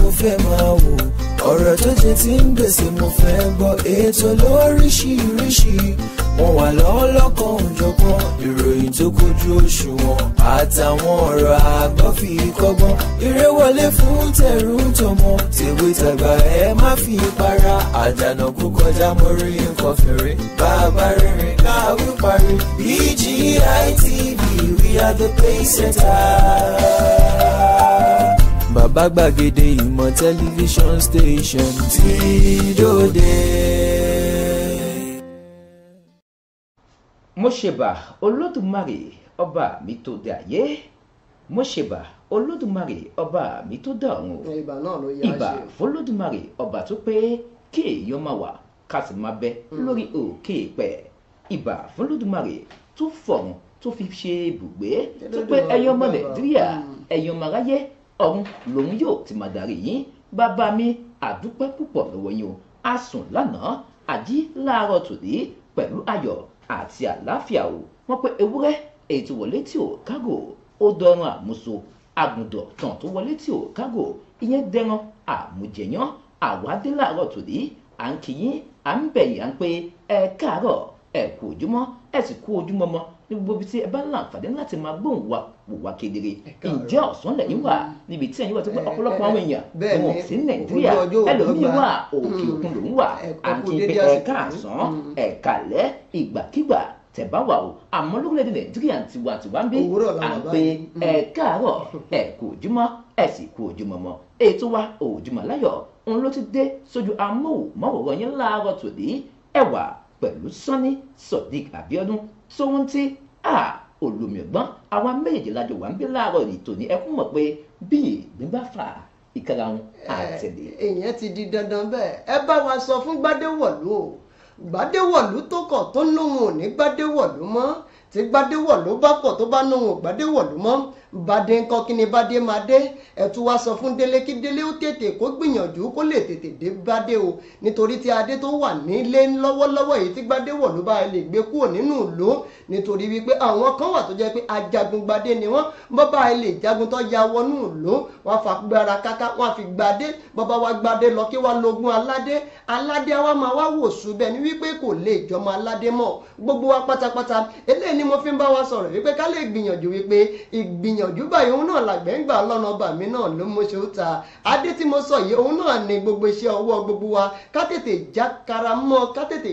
mo fẹ́ máa wò ọ̀rọ̀ tó jẹ ti ń gbèsè mo fẹ́ gbọ́ ètò lóríṣiríṣi wọn wà lọ́wọ́ lọ́kàn òjọ̀gbọ́n ìròyìn tó kojú òṣùwọ̀n àtàwọn ọ̀rọ̀ àgbọ́ fi kọ́gbọ́n eré wọlé fún tẹ̀rù tọmọ tèwe tàgbà ẹ má fi para àdànà kú kọjá mo rí nǹkan fèrè bàbá rìnrìn káwí parí BGI e TV we are the pace setters bàbá gbàgede ìmọ̀ tẹlifíṣọ̀n station ti dòde. mo ṣèbà olódùmarè ọba mi tó dé ayé mo ṣèbà olódùmarè ọba mi tó dá ọ̀run ìbà fọlódùmarè ọba tó pé kí èèyàn máa wà ká sì máa bẹ hmm. lórí òkè ìpẹ ìbà fọlódùmarè tó fọ̀run tó fi ṣe ibùgbé tó pé ẹyọ ọmọ nàìjíríà hmm. ẹyọ ọmọ aráyé ọ̀hún lòun yóò ti máa darí yín bàbá mi àdúpẹ́ púpọ̀ lọ́wọ́ yín o a sùn lánàá àjí láàárọ̀ tòní pẹ̀lú ayọ̀ àti àlàáfíà o wọ́n pé ewúrẹ́ ètò wọlé tí ò kágò ó dọ̀rùn àmúso àgùndọ̀ tàn tó wọlé tí ò kágò ìyẹn dẹran àmújẹyàn àwa dé láàárọ̀ tòní à ń kí yín à ń bẹ̀yìn à ń pé ẹ káàárọ̀ ẹ kú ojúmọ́ ẹ sì kú ojúmọ́ mọ́ ní gbogbo ibi tí ẹ bá láǹfààní láti máa gbóhùn wa wò wá kedere ǹjẹ́ ọ̀sán lẹ̀ yín wà mm-hmm. níbi tí ẹ̀yin wà tó pé ọ̀pọ̀lọpọ̀ àwọn èèyàn tí wọ́n sí nàìjíríà ẹlòmíín wà mm-hmm. òkè òkun lòún wà àti pé ẹ̀ka àsán mm-hmm. ẹ̀ka lẹ́ ìgbàkígbà tẹ́ bá wà o àmọ́ lórílẹ̀‐èdè nàìjíríà tiwantiwa ń bí àgbẹ̀ ẹ̀ka àárọ̀ ẹ̀kú òjúmọ́ ẹ̀sì kú òjúmọ́ mọ́ ètò wa òjúmọ́ láyọ̀ òun ló ti dé sójú amóhùnmáwòrán yín láàárọ̀ tòní ẹ̀wà pẹ̀lú sanni sodiq abiodun tó ń olùmíọ̀gbọ́n àwa méjèèjì lájọ wà ń bí láàárọ̀ ètò ní ẹkún mọ̀ pé bí ìgbín bá fà ìkàrà wọn àtẹ̀lé. Eh, èèyàn ti di dandan bẹ́ẹ̀ ẹ bá wa sọ fún gbadéwọ̀lú o gbadéwọ̀lú tó kọ̀ tó lóhun ò ní gbadéwọ̀lú mọ́ tí gbadéwọ̀lú bá kọ̀ tó bá lóhun ò gbadéwọ̀lú mọ́ bàdé ńkọ́ kí ni bàdé máa dé ẹ̀tú wá sọ fún délé kí délé ó tètè kó gbìyànjú kó lè tètè dé bàdé o nítorí tí adé tó wà nílé lọ́wọ́lọ́wọ́ èyí tí gbadé wọ̀ ló bá lè gbé kúrò nínú ìlú nítorí wípé àwọn kan wà tó jẹ́ pé ajagun gbadé ni wọ́n bọ́bá lè jagun tó ya wọnú ìlú wọ́n fa gbára káká wọ́n fi gbadé bọ́bá wa gbadé lọ kí wá lógún aládé aládé wa máa wá wò sùbẹ̀ ni wípé kò lè jọmọ aládé mọ́ gbogbo wa pátápátá eléyìí ni mo fi ń bá wa sọ̀rọ̀ wípé ká lè gbìyànjú wípé ìgbìyànjú ìyànjú báyìí òun náà làgbẹ́ ń gbà lọ́nà ọba mi náà ló mọṣẹ́ ó ta adé tí mo sọ yìí òun náà ní gbogbo iṣẹ́ ọwọ́ gbogbo wa ká tètè jákàrà mọ́ ká tètè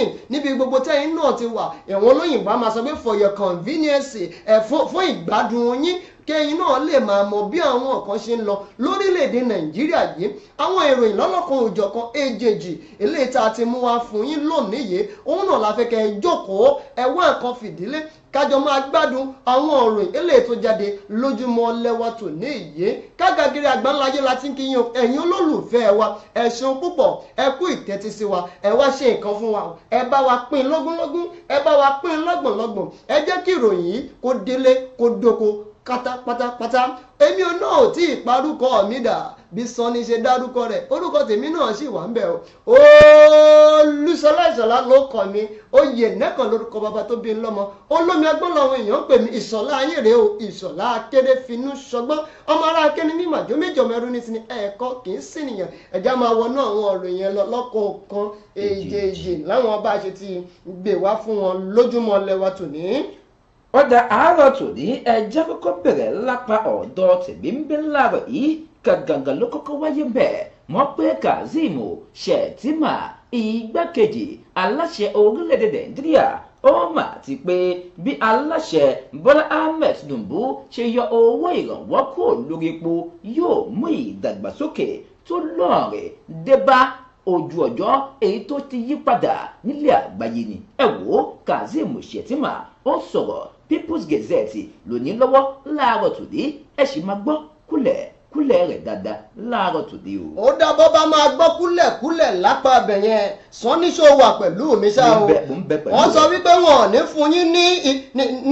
yín níbi gbogbo tẹ́yìn náà ti wà ẹ̀wọ̀n olóyìnbá máa sọ pé for your convenience fún ìgbádùn yín kẹ́yìn náà lè máa mọ bí àwọn nǹkan ṣe ń lọ lórílẹ̀‐èdè nàìjíríà yìí àwọn ìròyìn lọ́lọ́kan òjọ̀kan èjèèjì eléyìí tá a ti mú wá fún yín lónìí yìí òun náà la fẹ́ kẹ́ ẹ jókòó ẹ wá nǹkan fìdílé kájọ máa gbádùn àwọn ọ̀rọ̀ eléyìí tó jáde lójúmọ́ lẹ́wà tó ní ìyé kágagiri àgbáńláyé la ti ń kíyàn ẹ̀yin olólùfẹ́ wa ẹ ṣeun púpọ̀ ẹ kú ìtẹ́tísí wa ẹ wá ṣe nǹkan fún wa ẹ bá wa pín lọ́gúnlọ́gún ẹ bá wa pín lọ́gbọ̀nlọ́gbọ̀n ẹ jẹ́ kí ìròyìn yìí kó délé kó dóko pátápátápátá èmi ò náà tí ì parúkọ mi dà bí sanni ṣe dárúkọ rẹ̀ orúkọ tèmi náà sì wà ń bẹ o olùsọlá ìsọlá ló kọ mi oyè nẹkàn lórúkọ bàbá tó bí lọ́mọ olómi agbọ́n làwọn èèyàn ń pè mí ìsọlá ayé rèé o ìsọlá akéde finú ṣọgbọ́n ọmọ ará akéde ní màjọ méjọ mẹrú ní sinmi ẹ̀kọ́ kì í sì nìyàn ẹ̀já máa wọnú àwọn ọ̀rọ̀ yẹn lọ lọ́kọ̀ọ̀kan èjèèjì láwọn bá a ṣe ti gbè wá fún wọn lójúmọ́ lẹ́wà tòní ọjà àárọ̀ tòní ẹjẹ́ kọ́kọ́ bẹ̀rẹ̀ lápá ọ̀dọ̀ tèmi ń bẹ láàrọ̀ yìí kàgàngàn ló kọ́kọ́ wáyé bẹ́ẹ̀ mọ́ pé kazeem shettima igbákejì aláṣẹ orílẹ̀-èdè nàìjíríà ó mà ti pé bí aláṣẹ bọ́lá ahmed tinubu ṣe yọ owó ìrànwọ́ kúrò lórí epo yóò mú ìdàgbàsókè tó lọ́ọ̀rẹ̀ dé ojú ọjọ́ èyí tó ti yí padà nílẹ̀ àgbáyé ni ẹ wò kazeem shettima ó ń sọ̀rọ̀ People's Gazette lónìí lọ́wọ́ láàárọ̀ tòní ẹ sì máa gbọ́ kúlẹ̀ kúlẹ̀ rẹ̀ dáadáa láàárọ̀ tòde o. ó dá bọ́ bá máa gbọ́ kúlẹ̀kúlẹ̀ lápá abẹ yẹn sanniṣó wà pẹ̀lú mi ṣá o wọ́n sọ wípé wọn ò ní fún yín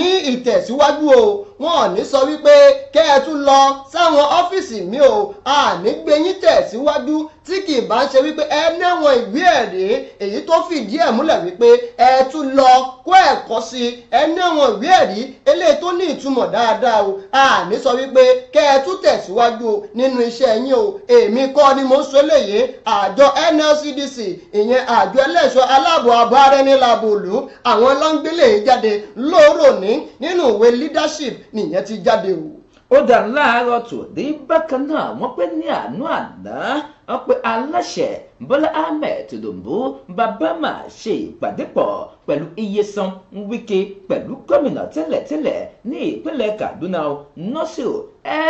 ní ìtẹ̀síwájú o wọn ò ní sọ wípé kẹ́ ẹ tún lọ sáwọn ọ́fíìsì mi o àní gbé yín tẹ̀síwájú tí kì í bá ń ṣe wípé ẹ náwọn ìwé ẹ̀rí èyí tó fìdí ẹ̀ múlẹ̀ wípé ẹ tún lọ kó ẹ̀kọ́ sí i ẹ náwọn ìwé ẹ̀rí eléyìí tó ní ìtumọ̀ dáadáa o àní sọ wípé kẹ́ ẹ tún tẹ̀síwájú o nínú iṣẹ́ yín o èmi kọ́ ni mo ń sọ eléyìí àjọ NLCDC ìyẹn àjọ ẹlẹ́ṣọ́ aláàbò àbá ara ẹni làbò lù àwọn lọ́ngbélé jáde lóòrò ní nínú ìwé leadership nìyẹn ti jáde o. ó dà láàárọ̀ tòde bákan náà wọ́n pé ní àánú àná wọ́n pe aláṣẹ Bọ́lá Ahmed Tinubu bàbá máa ṣe ìpàdé pọ̀ pẹ̀lú Iyesan Wike pẹ̀lú gómìnà tẹ́lẹ̀tẹ́lẹ̀ ní ìpínlẹ̀ Kaduna Nasiru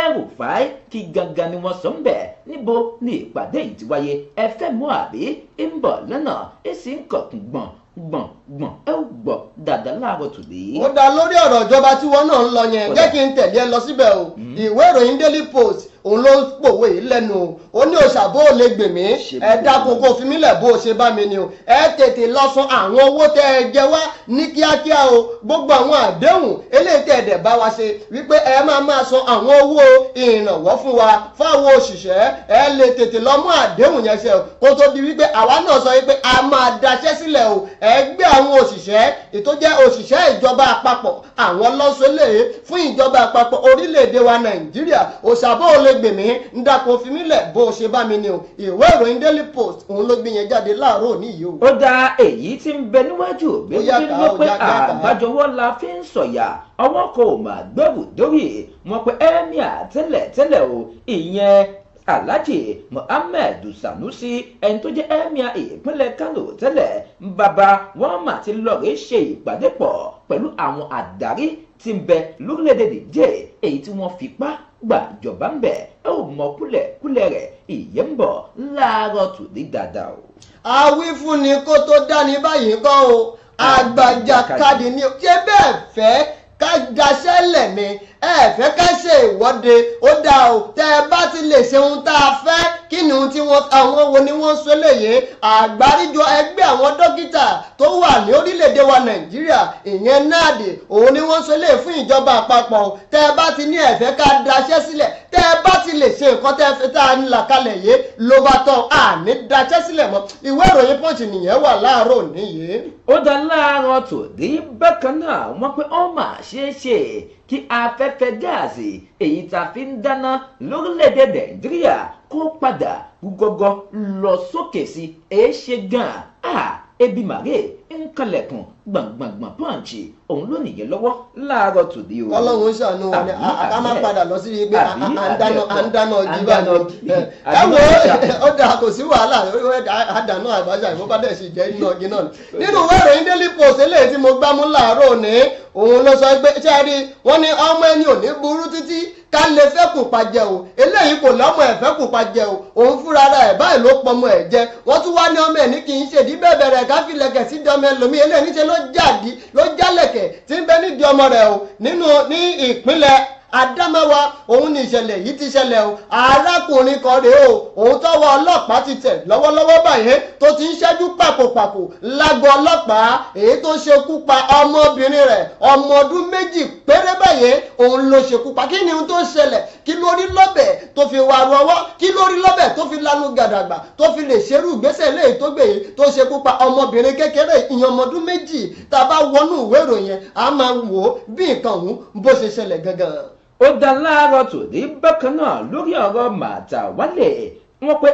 El-Rufai kí gangan ni wọ́n sọ ń bẹ̀ níbo ni ìpàdé yìí ti wáyé ẹ fẹ́ mú àbí ń bọ̀ lọ́nà èsì ń kọ̀kùn gbọ̀n gbọ̀n gbọ̀n ẹ ò gbọ́ dàdá láàárọ̀ tòde. ó dá lórí ọ̀rọ̀ ìjọba tí wọ́n náà ń lọ yẹn jẹ́ kí n tẹ̀lé ẹ lọ síbẹ̀ o hmm. ìwé ìròyìn Daily Post òun ló pòwe yìí lẹ́nu o ó ní òòṣà bó o lè gbè mí ẹ dákun kó fi mí lẹ̀ bó o ṣe bá mi ni o ẹ tètè lọ san àwọn owó tẹ ẹ jẹ wá ní kíákíá o gbogbo àwọn àdéhùn eléyìí tẹ ẹ dẹ̀ bá wa ṣe wípé ẹ máa máa san àwọn owó ìrànwọ́ fún wa fáwọn òṣìṣẹ́ ẹ lè tètè lọ mú àdéhùn yẹn ṣe o kó tó di wípé àwa náà sọ wípé a máa daṣẹ́ sílẹ̀ o ẹ gbé àwọn òṣìṣẹ́ ìtọ́jẹ́ òṣìṣẹ́ ìjọba àpapọ̀ àwọn lọ́sọ̀ọ́lẹ̀ fún ìjọba àpapọ̀ orílẹ̀-èdè wa Nàìjíríà òṣàbọ̀ ò l Balógbèmí ń dákun fi mí lẹ̀ bó ṣe bá mi ni o ìwé ìròyìn Daily Post òun ló gbé jáde láàárọ̀ òní yìí o. ó da èyí tí ń bẹ níwájú òbí ló pé àgbájọwọ́ la fi ń sọ̀yà ọwọ́ kò mà gbẹ́bù dórí wọn pé ẹ́míà tẹ́lẹ̀tẹ́lẹ̀ o ìyẹn alhaji muhammed sanusi ẹni tó jẹ́ emir ìpínlẹ̀ kano tẹ́lẹ̀ bàbá wọn mà ti lọrẹ ṣe ìpàdé pọ̀ pẹ̀lú àwọn àdarí tí ń bẹ lórílẹ̀-èdè díẹ̀ èyí tí wọ́n fipá gbàjọba ń bẹ̀ ẹ ò mọ kúlẹ̀kúlẹ̀ rẹ̀ ìyẹn ń bọ̀ láàárọ̀ tòní dáadáa o. àwífúnni kó tó dání báyìí kọ́ o àgbàjàkadì ni ṣé bẹ́ẹ̀ fẹ́ ká daṣẹ́lẹ̀ ni ẹ fẹ́ ká ṣe ìwọ́de ó dáa o tẹ́ ẹ bá ti lè ṣe ohun tá a fẹ́ kí ni ohun tí wọ́n àwọn wo ni wọ́n sọ eléyìí àgbáríjọ ẹgbẹ́ àwọn dókítà tó wà ní orílẹ̀-èdè wa nàìjíríà ìyẹn náàdì òun ni wọ́n sọ eléyìí fún ìjọba àpapọ̀ tẹ́ ẹ bá ti ní ẹ fẹ́ ká daṣẹ́ sílẹ̀ tẹ́ ẹ bá ti lè ṣe nǹkan tẹ́ ẹ fẹ́ tá a ń là kalẹ̀ yìí ló bá tán à daṣẹ́ sílẹ̀ mọ́ ìwé ìròyìn Punch nìyẹn wà láàárọ̀ nìyí. ó dá láàárọ̀ tòdí bákan náà wọ́n pé ó mà ṣeé ṣe qui a fait fait gaz èyí tá a fi ń dáná lórílẹ̀‐èdè nàìjíríà kó padà gúgọ́gọ́ lọ sókè sí èé ṣe gan-an ebi màrí ń kalẹ̀kùn gbàngbàngbàn pọ́ǹchì òun ló nìyẹn lọ́wọ́ láàárọ̀ tòde o. ọlọ́run ṣàánú wọn ni a máa padà lọ sí ibi à ń dáná jíba ni ẹ wo ọ̀dà kò sí wàhálà àdánù àbájá ìfowópamọ́ ẹ̀sìn jẹ́ iná ọ̀gìn náà nínú wẹ́rẹ̀ ń délé post eléyìí tí mo gbámú láàárọ̀ òní òun ló sọ pé ṣáà rí wọn ní ọmọ ẹni ò ní burú títí ká lè fẹ́ kù pa jẹ o eléyìí kò lọ́mọ ẹ̀ fẹ́ kù pa jẹ o òun fúnra ara ẹ̀ báyìí ló pọmọ ẹ̀ jẹ wọ́n tún wá ní ọmọ ẹ̀ ní kì í ṣe ìdí bẹ̀rẹ̀ ká fi lẹ̀kẹ̀ sí di ọmọ ẹlòmí eléyìí níṣẹ́ ló jáde ló jálẹ̀kẹ̀ tí ń bẹ nídìí ọmọ rẹ̀ o nínú ní ìpínlẹ̀ adámẹ́wàá òun ni ìṣẹ̀lẹ̀ yìí ti ṣẹlẹ̀ o arákùnrin kan rèé o òun tọ́wọ́ ọlọ́pàá ti tẹ̀ lọ́wọ́lọ́wọ́ báyìí tó ti ń ṣẹ́jú pàpòpàpò lágbo ọlọ́pàá èyí tó ṣekú pa ọmọbìnrin rẹ̀ ọmọ ọdún méjì péré báyìí òun ló ṣekú pa kí ni ohun tó ṣẹlẹ̀ kí ló rí lọ́bẹ̀ tó fi wà rọwọ́ kí ló rí lọ́bẹ̀ tó fi lanu gàdàgbà tó fi lè ṣerú ìgbésẹ̀ léyìí tó gbé yìí tó ó dá láàárọ̀ tòní bákan náà lórí ọ̀rọ̀ Màtàwálé wọ́n pé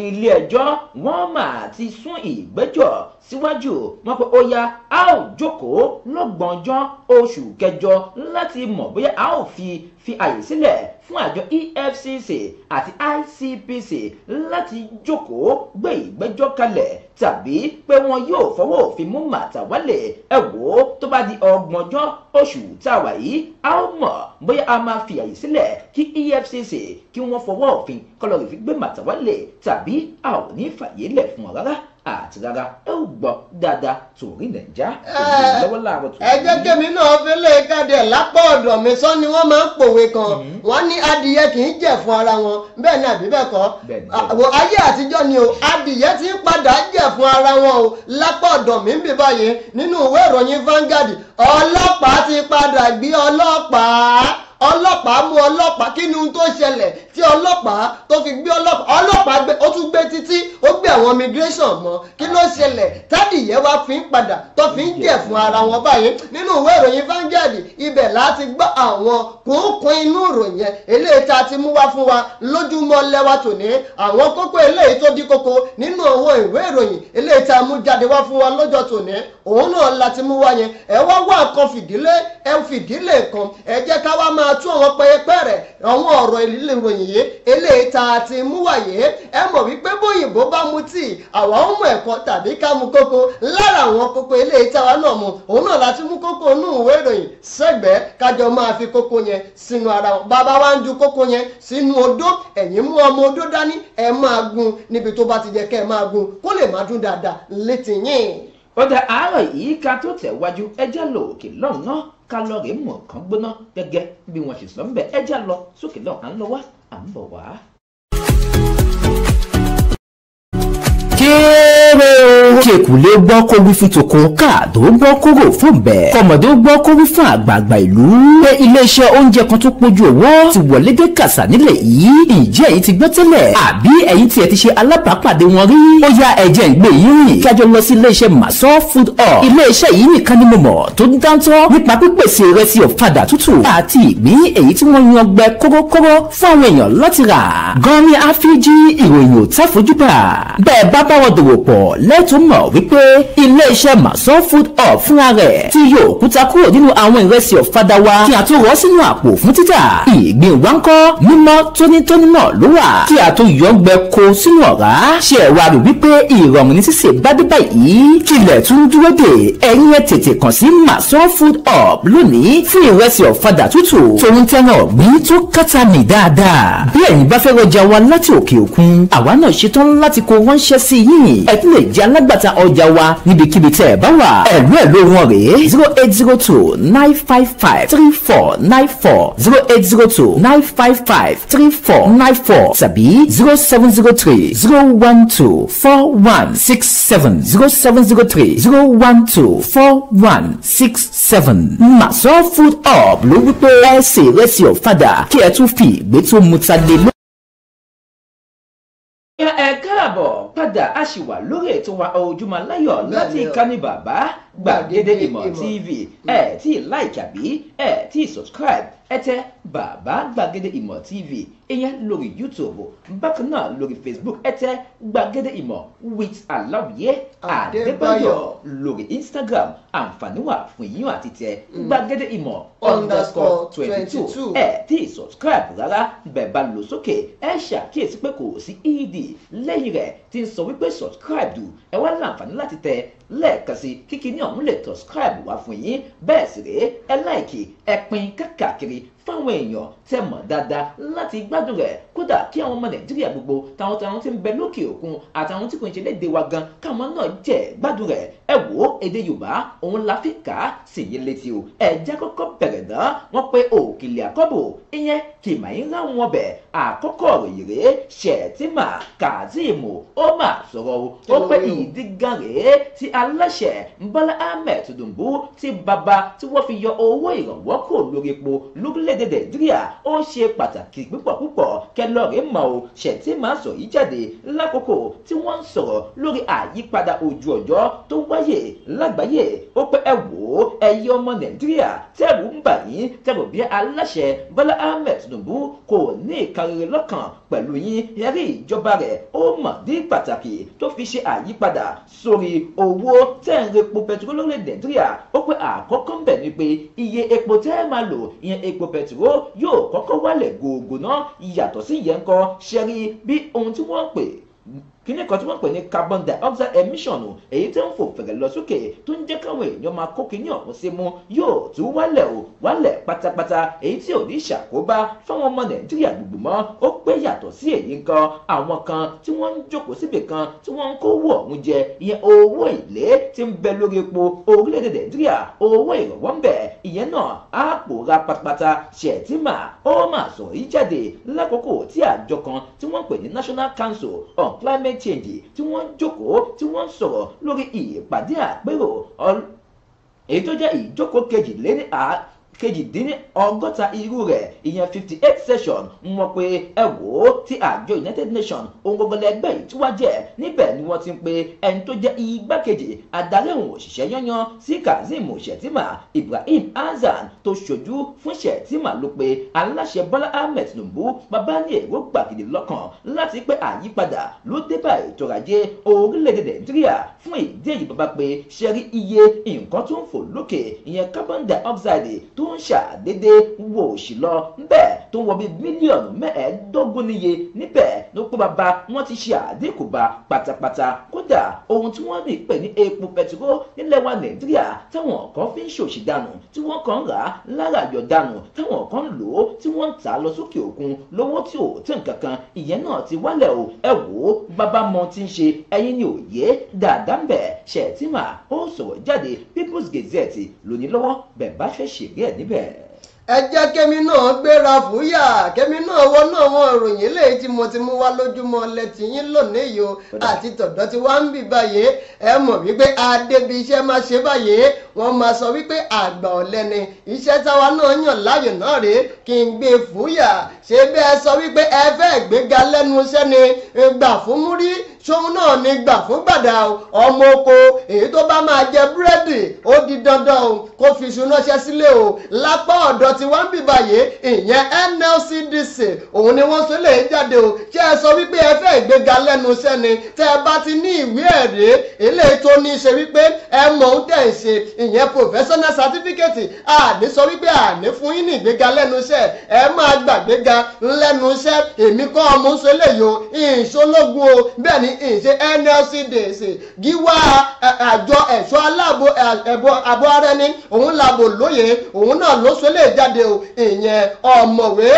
ilé ẹjọ́ wọ́n máa ti sún ìgbẹ́jọ́ síwájú wọ́n pé ó yá a ó jókòó lọ́gbọ̀njọ́ oṣù kẹjọ láti mọ̀ bóyá a ó fi fi àyè sílẹ̀ fún àjọ EFCC àti ICPC láti jókòó gbé ìgbẹ́jọ́ kalẹ̀ tàbí pé wọn yóò fọwọ́ òfin mú Màtàwálè ẹ wò ó tó bá di ọgbọ̀njọ́ oṣù tá a yìí a ó mọ̀ bóyá a máa fi àyè sílẹ̀ kí EFCC kí wọ́n fọwọ́ òfin kọlọ́rì fi gbé Màtàwálè tàbí a ò ní fàyè lẹ̀ fún wọn rárá àtìlára ẹ ò gbọ́ dáadáa torí nàìjà lọ́wọ́ láàárọ̀ tó. ẹ jẹ́ kémi náà fẹ́lẹ́ káde lápá ọ̀dọ̀ mi sọ ni wọ́n máa ń pòwe kan mm-hmm. wọ́n ní adìyẹ kì í jẹ̀ fún ara wọn bẹ́ẹ̀ ni àbí bẹ́ẹ̀ kọ́ ayé àtijọ́ ni o adìyẹ ti ń padà jẹ̀ fún ara wọn o lápá ọ̀dọ̀ mi ń bì báyìí nínú ìwé ìròyìn Vanguard ọlọ́pàá ti padà gbé ọlọ́pàá ọlọ́pàá mú ọlọ́pàá kí ni ohun tó ṣẹlẹ̀ tí ọlọ́pàá tó fi gbé ọlọ́pàá ọlọ́pàá ó tún gbé títí ó gbé àwọn immigration mọ́ kí ló ṣẹlẹ̀ tádìyẹ wá fi ń padà tó fi ń jẹ̀ fún ara wọn báyìí nínú ìwé ìròyìn Vanguard ibẹ̀ láti gbọ́ àwọn kùnkùn inú ìròyìn eléyìí tá a ti mú wá fún wa lójúmọ́ lẹ́wà tòní àwọn kókó eléyìí tó di kókó nínú owó ìwé ìròyìn eléyìí tá a mú jáde wá fún wa lọ́jọ́ tòní òun náà la ti mú wá yẹn ẹ wá wá kan fìdílé ẹ fìdílé kan ẹ jẹ́ ká wá máa tún àwọn pẹyẹpẹ rẹ̀ àwọn ọ̀rọ̀ ìròyìn yìí eléyìí tá a ti mú wàyé ẹ mọ̀ wípé bóyìnbó bá mu tíì àwa ó mú ẹ̀kọ́ tàbí ká mu kókó lára àwọn kókó eléyìí táwa náà mu òun náà láti mú kókó inú ìwé ìròyìn sẹ́gbẹ̀ẹ́ kájọ máa fi kókó yẹn sínú ara wọn bàbá wa ń ju kókó yẹn sínú odó ẹ̀yin mú ọmọ odó dání ẹ máa gun níbi tó bá ti jẹ kẹ́ ẹ máa gun kó lè má dún dáadáa létí yín. ó àárọ̀ yìí ká tó tẹ̀wájú ẹjẹ́ lò òkè lọ́nà kálọ̀rì mọ̀ọ́kàn gbóná gẹ́gẹ́ bí wọ́n ṣe sọ ń bẹ̀ ẹjẹ́ lọ sókè lọ́ọ̀ à underwear. Give kí èkùlé gbọ́ kó wí fi tòkun káàdó gbọ́ kóró fún bẹ̀ kọmọdé gbọ́ kó wí fún àgbààgbà ìlú pé iléeṣẹ́ oúnjẹ kan tó pójú owó ti wọlé dé kàṣà nílẹ̀ yìí ìjẹ́ èyí ti gbọ́ tẹ́lẹ̀ àbí ẹ̀yin tiẹ̀ ti ṣe alábàápàdé wọn rí ó ya ẹ̀jẹ̀ ń gbé yín rìn kájọ lọ sí iléeṣẹ́ maso food hall iléeṣẹ́ yìí nìkan ni mo mọ̀ tó ń dáńtọ́ nípa pípèsè ìrẹsì ọ̀fadà tútù àti ìgbín èyí tí wọ́n yan gbẹ kórókóró fún àwọn èèyàn láti rà gan ni àfíjí ìròyìn ò tá fojú bẹ́ẹ̀ bá bá wọn dòwò pọ̀ lẹ́tọ̀ọ́ mọ̀ wípé ilé-iṣẹ́ mason food up. fúnra rẹ̀ ti yọ òkúta kúrò nínú àwọn ìrẹsì ọ̀fadà wa kí a tó rọ́ sínú àpò fún títà ìgbín wáńkọ́ mímọ́ tónítóní náà ló wà kí a tó yọ gbẹ ko sínú ọ̀rá ṣe ẹ̀ wá rí wípé ìrọ̀rùn ní sísè bá dé báyìí kílẹ̀ tún dúró dè ẹ̀yin ẹ̀ tètè kàn sí mason food hub lónìí fún ìrẹsì ọ̀fadà tútù tòun tẹ́ràn ọ̀gbìn tó kátà mì dáadáa bí ẹ̀yin bá fẹ́ rọjà wa láti òkè òkun àwa náà ta ọjà wa níbikíbi tẹ́ bá wà ẹ̀lú ẹ̀ ló wọ̀n rèé zero eight zero two nine five five three four nine four zero eight zero two nine five five three four nine four tàbí zero seven zero three zero one two four one six seven zero seven zero three zero one two four one six seven. Maso Food Hub ló wípé ẹ ṣe ìrẹsì ọ̀fadà kí ẹ tún fi ìgbé tó mu ta lé lọ. padà a sì wà lórí ètò wa ojúmọ́ láyọ̀ láti ìkànnì bàbá gbàgede ìmọ̀ tv mm. ẹ tí like àbí ẹ tí ì subscribe ẹ tẹ bàbá gbàgede ìmọ̀ tv ìyẹn lórí youtube bákan náà lórí facebook ẹ tẹ gbàgede ìmọ̀ with aláwìyé àdébáyọ̀ lórí instagram àǹfààní wà fún yíyàn àti tẹ mm. gbàgede ìmọ̀ underscore twenty two ẹ tí subscribe rárá bẹ́ẹ̀ bá lọ sókè ẹ ṣàkíyèsí pé kò sí ed lẹ́yìn rẹ̀ tí ń sọ wípé subscribe dù ẹ wá láǹfààní láti tẹ lẹ́ẹ̀kan sí kíkiní ọ̀hún lè subscribe wá fún yín bẹ́ẹ̀ sì rèé ẹ láìkì ẹ kákàkiri fáwọn èèyàn tẹ́ mọ̀ dáadáa láti gbádùn rẹ̀ kódà kí àwọn ọmọ nàìjíríà gbogbo táwọn táwọn ti ń bẹ lókè òkun àtàwọn tí kò ń ṣe léde wa gan káwọn náà jẹ́ gbádùn rẹ̀ ẹ wò èdè yorùbá òun la fi kà á sì yín létí o ẹ jẹ́ kọ́kọ́ bẹ̀rẹ̀ náà pe òkìlì àkọ́bò ìyẹn kì máa ń rá wọn bẹ̀ àkọ́kọ́ rèé rèé ṣẹ̀tìmà kazeem ó mà sọ̀rọ̀ o ó pé ìdí rèé tí aláṣẹ bọ́lá ahmed tinubu ti bàbá tí wọ́n fi yọ owó ìrànwọ́ kò lórí epo lórílẹ̀ orílẹ̀-èdè nàìjíríà ó ṣe pàtàkì púpọ̀ púpọ̀ kẹlọ́ọ̀rẹ́ mọ̀ ò ṣẹ̀tí máa sọ yìí jáde lákòókò tí wọ́n ń sọ̀rọ̀ lórí àyípadà ojú ọjọ́ tó wáyè lágbàáyé ó pẹ́ ẹ wò ó ẹ̀yin ọmọ nàìjíríà tẹ́rù ń bà yín tẹ́rù bí aláṣẹ bọ́lá ahmed tinubu kò ní ìkarere lọ́kàn pẹ̀lú yín ẹ̀rí ìjọba rẹ̀ ó mọ̀ ní pàtàkì tó fi ṣe àyípadà sórí owó tẹ́ ń repo pẹtirólórí nàìjíríà ó pẹ́ àkọ́kọ́ ń bẹ̀ ni pé iye epo tẹ́ máa lò ìyẹn epo pẹtirólórí pẹtiró yóò kọ́kọ́ wálẹ̀ gògò ná ìyàtọ̀ sí yẹn kan ṣẹ́rí bí ohun tí wọ́n pè kíní kan tí wọ́n pè ní carbon dioxide emission o èyí tí ń fò fẹ̀rẹ̀ lọ sókè tó ń jẹ́ káwọn èèyàn máa kó kíní ọ̀hún sí mú yóò tún wálẹ̀ o wálẹ̀ pátápátá èyí tí ò ní ṣàkóbá fáwọn ọmọ nàìjíríà gbogbo mọ́ ó pé yàtọ̀ sí èyí kan àwọn kan tí wọ́n ń jókòó síbì kan tí wọ́n ń kó owó ọ̀hún jẹ ìyẹn owó èlé tí ń bẹ lórí epo orílẹ̀-èdè nàìjíríà owó ìrànwọ́ National Council on Climate méjèèjì tí wọ́n jókòó tí wọ́n sọ̀rọ̀ lórí ìpàdé àpérò èyí tó jẹ́ ìjókòó kejìléní kejìdínní ọgọ́ta irú rẹ̀ ìyẹn fifty eight session mọ̀ pé ẹ wò ó ti àjọ united nations ohun gbogbo lẹgbẹ́ yìí tí wá jẹ́ níbẹ̀ ni wọ́n ti ń pe ẹni tó jẹ́ igbákejì adaléhùn òṣìṣẹ́ yányán sí kazeem shettima ibrahim hasan tó ṣojú fún shettima ló pe aláṣẹ bọ́lá ahmed tinubu bàbá ní èrò gbàgede lọ́kàn láti pé àyípadà ló dé bá ètò ajé orílẹ̀-èdè nàìjíríà fún ìdí èyí bàbá pé ṣẹ́rí iye nǹkan tó ń fò lókè ìyẹn carbon dioxide tó ń ṣàdédé wò sí lọ ńbẹ̀ tó ń wọ bíi mílíọ̀nù mẹ́ẹ̀ẹ́dógún níye níbẹ̀ ló pé bàbá wọn ti ṣe àdínkù bá pátápátá kódà ohun tí wọ́n rí pè ní epo pẹtiró nílẹ̀ wa nàìjíríà táwọn kan fi ń ṣòṣì dànù tí wọ́n kàn rà á lára yọ̀ dànù táwọn kan lò ó tí wọ́n tà á lọ sókè òkun lówó tí ò tí nǹkan kan ìyẹn náà ti wálẹ̀ o ẹ wò ó bàbá mọ ti ń ṣe ẹyin ni òye dàdá ń bẹ̀ ó sọ̀rọ̀ jáde People's Gazette lónìí lọ́wọ́ bẹ̀ bá fẹ́ ṣègbè ẹ̀ níbẹ̀. ẹ jẹ́ kémi náà gbéra fúyà kémi náà wọnú àwọn ìròyìn eléyìí tí mo ti mú wá lójúmọ́ lẹ́tì yín lónìí yìí o àti tọ̀dọ̀ tí wàá ń bì báyìí ẹ mọ̀ wípé adébíṣẹ́ máa ṣe báyìí wọ́n máa sọ wípé àgbà ọ̀lẹ ni iṣẹ́ táwa náà yàn láàyò náà rèé kí n gbé fúyà ṣé bẹ́ẹ̀ sọ wípé ẹ fẹ́ gbéga lẹ́nu iṣẹ́ ni gbà fún múrí ṣóun náà ní gbà fún gbàdá ọmọ oko èyí tó bá máa jẹ búrẹ́dì ó di dandan o kó fi iṣu sílé o lápá ọ̀dọ̀ tí wọ́n ń bì báyìí ìyẹn NLCDC òun ni wọ́n tún lè jáde o ṣé ẹ sọ wípé ẹ fẹ́ ìgbéga lẹ́nu iṣẹ́ ni tẹ́ ẹ bá ti ní ìwé ẹ̀rí ilé tó ní í ṣe wípé ẹ mọ̀ ń tẹ̀ ń ṣe ìyẹn professional certificate àní sọ wípé àní fún yín ní ìgbéga lẹ́nu iṣẹ́ ẹ máa gbàgbéga lẹ́nu iṣẹ́ èmi kọ́ ọmọ ń ṣe léyò ìṣológun o bẹ́ẹ̀ ni ṣe NLCDC gíwá àjọ ẹ̀ṣọ́ aláàbò àbọ̀ ara ẹni òun làbò lóye òun náà ló sọ lè jáde o ìyẹn ọ̀mọ̀wé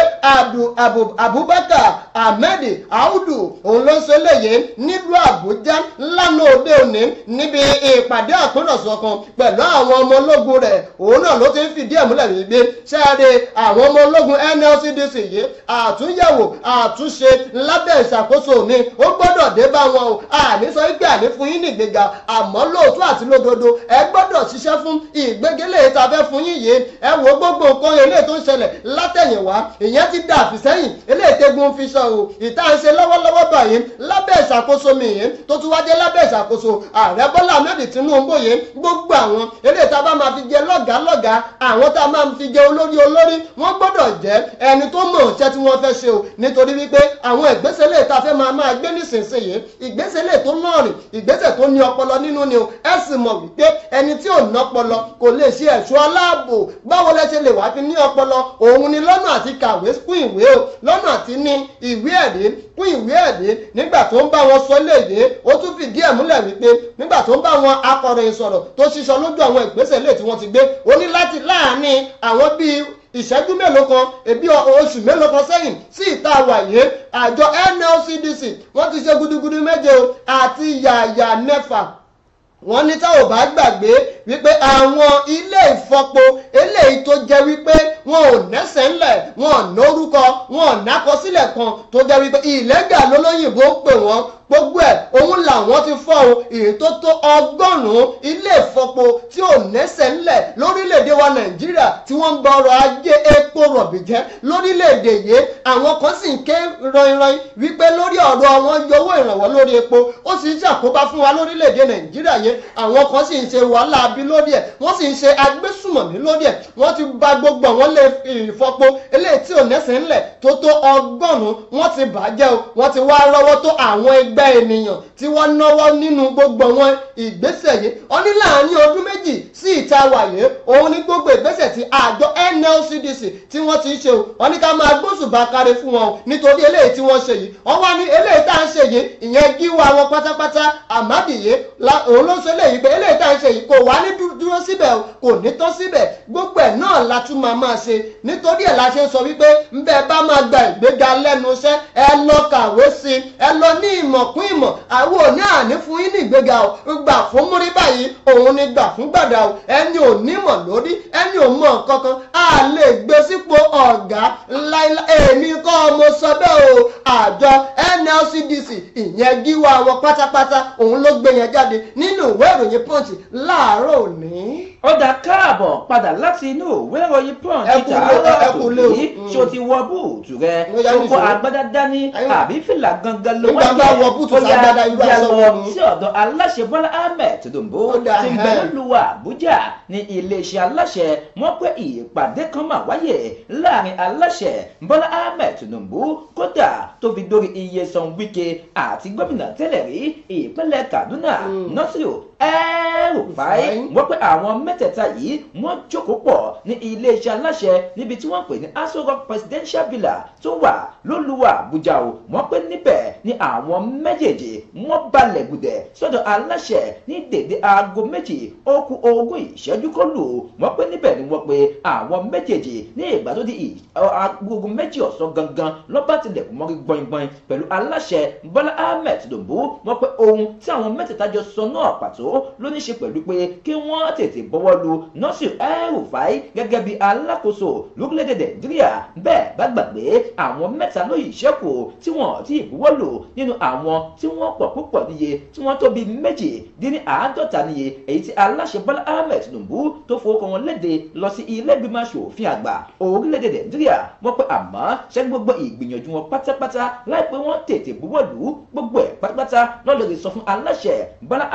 Abubakar Ahmed Audu òun ló sọ léyè nílùú Àbújá lánàá òde òní níbi ìpàdé àkúrọ̀sọ kan pẹ̀lú àwọn ọmọ ológun rẹ̀ òun náà ló ti ń fìdí ẹ̀ múlẹ̀ wípé ṣáàrè àwọn ọmọ ológun NLCDC yìí àtúnyẹ̀wò àtúnṣe lábẹ́ ìṣàkóso mi ó gbọ́dọ̀ dé bá wọn o àní sọ wípé àní fún yín nìgbéga àmọ́ lóòótọ́ àti lódodo ẹ gbọ́dọ̀ ṣiṣẹ́ fún ìgbégélé tá a fẹ́ fún yín yìí ẹ wo gbogbo nǹkan eléyìí tó ń ṣẹlẹ̀ látẹ̀yìnwá ìyẹn ti dà àfìsẹ́yìn eléyìí tẹ́gun fi sọ o ìta ń ṣe lọ́wọ́lọ́wọ́ báyìí lábẹ́ ìṣàkóso mi yìí tó tún wájẹ́ lábẹ́ ìṣàkóso ààrẹ bọ́lá ahmed tinubu yìí gbogbo àwọn eléyìí tá a bá máa fi jẹ lọ́gàá lọ́gàá àwọn tá a máa fi jẹ olórí olórí wọ́n gbọ́dọ̀ jẹ́ ẹni tó mọ̀ ọ́ṣẹ́ tí wọ́n fẹ́ ṣe o nítorí wípé àwọn ìgbésẹ̀ eléyìí tá a fẹ́ máa máa gbé nísinsìnyí ìgbésẹ̀ lè tó náà rìn ìgbésẹ̀ tó ní ọpọlọ nínú ni o ẹ sì mọ̀ wípé ẹni tí ò nọpọlọ kò lè ṣe ẹ̀ṣọ́ aláàbò báwo lẹ ṣe lè wá fi ní ọpọlọ òun ni lọ́nà àti kàwé kún ìwé o lọ́nà àti ní ìwé ẹ̀rí kún ìwé ẹ̀rí nígbà tó ń bá wọn sọ léde ó tún fìdí ẹ̀ múlẹ̀ wípé nígbà tó ń bá wọn akọ̀ròyìn sọ̀rọ̀ tó ṣiṣọ lójú àwọn ìgbésẹ̀ lè tí wọ́n ti gbé ó ní láti láàárín àwọn bíi ìṣẹ́jú mélòó kan ẹbí oṣù mélòó kan sẹ́yìn sí ìta wàyé àjọ NLCDC wọ́n ti ṣe gudugudu méje o àti yàyà mẹ́fà wọ́n ní táwọn bá gbàgbé wípé àwọn ilé ìfọpo eléyìí tó jẹ́ wípé wọn ò nẹ́sẹ̀ ńlẹ̀ wọn ò nórúkọ wọn ò nákọsílẹ̀ kan tó jẹ́ wípé ìlẹ́gà lólóyìnbó pè wọ́n gbogbo ẹ̀ òun làwọn ti fọ́ o èyí tó tó ọgọ́rùn-ún ilé ìfọpo tí ò nẹ́sẹ̀ ńlẹ̀ lórílẹ̀‐èdè wa nàìjíríà tí wọ́n ń bọ ọrọ̀ ajé epo rọ̀bì jẹ́ lórílẹ̀‐èdè yìí àwọn kan sì ń ké rọinrọin wípé lórí ọ̀rọ̀ àwọn yọwọ́ ìrànwọ́ lórí epo ó sì ń ṣàkóbá fún wa lórílẹ̀‐èdè nàìjíríà yẹn àwọn kan sì ń ṣe wàhálà ab àfi lórí ẹ̀ wọ́n sì ń ṣe agbésùmọ̀mí lórí ẹ̀ wọ́n ti bà gbogbo àwọn lè ìfọpo eléyìí tí ò nẹ́sìn ńlẹ̀ tó tó ọgọ́rùn-ún wọ́n ti bàjẹ́ o wọ́n ti wá lọ́wọ́ tó àwọn ẹgbẹ́ ènìyàn tí wọ́n náwó nínú gbogbo wọn ìgbésẹ̀ yìí wọ́n ní láàárín ọdún méjì sí ìta wàyé òun ní gbogbo ìgbésẹ̀ tí àjọ NLCDC tí wọ́n ti ń ṣe o wọ́n ní ká máa gbóṣùbà káre fún wọn o nítorí eléyìí tí wọ́n ṣe yìí wọ́n wá ní eléyìí tá à ń ṣe yìí ìyẹn gíwá wọn pátápátá àmádìyé òun ló ṣe léyìí pé eléyìí tá à ń ṣe yìí kò wá ní dúró síbẹ̀ o kò ní tán síbẹ̀ gbogbo ẹ̀ náà la tún máa máa ṣe la ṣe ń sọ wípé ń bẹ́ẹ̀ bá máa gba ìgbéga lẹ́nu iṣẹ́ àwọn òní àní fún yín ní ìgbéga o gbà fún múrí báyìí òun ni gbà fún gbàdà o ẹni ò nímọ̀ lórí ẹni ò mọ̀ kankan a lè gbé sípò ọ̀gá láíláí èmi kọ́ mo sọ o àjọ NLCDC ìyẹn gíwá wọn pátápátá òun ló gbé yẹn jáde nínú ìwé ìròyìn Punch láàárọ̀ òní. ó dá káàbọ̀ padà láti inú ìwé ìròyìn Punch ìtààrọ̀ òní ṣó ti wọ búùtù rẹ̀ ṣó agbádá dání àbí fìlà gangan ló wáyé ó yá gbà sọ́wọ́ mi. sí ọ̀dọ̀ aláṣẹ bọ́lá ahmed tinubu ti ń bẹ nílùú àbújá ní iléeṣẹ́ aláṣẹ wọ́n ìpàdé kan máa wáyè láàrin aláṣẹ bọ́lá ahmed tinubu kódà tó fi dórí iye san wike àti gómìnà tẹ́lẹ̀ rí ìpínlẹ̀ kaduna hmm. nasiru El-Rufai wọ́n pé àwọn mẹ́tẹ̀ẹ̀ta yìí wọ́n jókòó pọ̀ ní iléeṣẹ́ aláṣẹ níbi tí wọ́n pè ní Aso Rock Presidential Villa tó wà lólùwà Àbújá o wọ́n pé níbẹ̀ ni àwọn méjèèjì wọ́n balẹ̀ gùdẹ̀ sọ́dọ̀ aláṣẹ ní dèdè aago méjì ó kù ogún ìṣẹ́jú kó lù wọ́n pé níbẹ̀ ni wọ́n pé àwọn méjèèjì ní ìgbà tó di aago méjì ọ̀sán gangan lọ́ba tilẹ̀kùn mọ́rí gbọ̀ngbọ̀n pẹ̀lú aláṣẹ Bọ́lá Ahmed Tinubu wọ́n pé ohun tí àwọn mẹ́tẹ̀ẹ̀ta jọ sọ náà pàtó ló ní ṣe pẹ̀lú pé kí wọ́n tètè bọ́wọ́ lu Nasir El-Rufai gẹ́gẹ́ bí alákòóso lórílẹ̀‐èdè nàìjíríà bẹ́ẹ̀ bá gbàgbé àwọn mẹ́ta ló yìí ṣẹ́kù tí wọ́n ti ìbúwọ́ lò nínú àwọn tí wọ́n pọ̀ púpọ̀ níye tí wọ́n tó bí méjì dín ní àádọ́ta níye èyí tí aláṣẹ Bọ́lá Ahmed Tinubu tó fowókọ wọn léde lọ sí ilé ìgbìmọ̀ aṣòfin àgbà orílẹ̀‐èdè nàìjíríà wọ́n pé àmọ́ ṣẹ́ gbogbo ìgbìyànjú wọn pátápátá láìpẹ́ wọ́n tètè búwọ́ lù gbogbo ẹ̀ pátápátá lọ́lọ́rì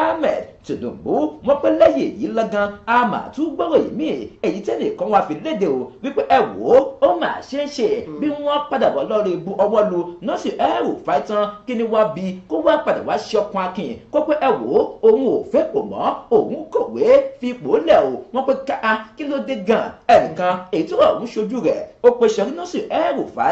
Ahmed Tinubu wọ́n pé lẹ́yìn èyí lọ́gán a máa tún gbọ́rọ̀ yìí mí èyí tẹ́lẹ̀ kan wá fi léde o wípé ẹ wò ó ó máa ṣe é ṣe hmm. bí wọ́n padà bọ̀ lọ́rọ̀ ebu ọwọ́ lu nọ́ọ̀sì ẹ ò fà tán kí ni wá bí kó wá padà wá ṣe ọkàn akin kó pé ẹ wò ó òun ò fẹ́ pò mọ́ òun kọ̀wé fi ipò lẹ̀ o wọ́n pé ká kí ló dé gan ẹnìkan èyí tó wà ń ṣojú rẹ̀ ó pe ṣẹ́rí nọ́ọ̀sì ẹ ò fà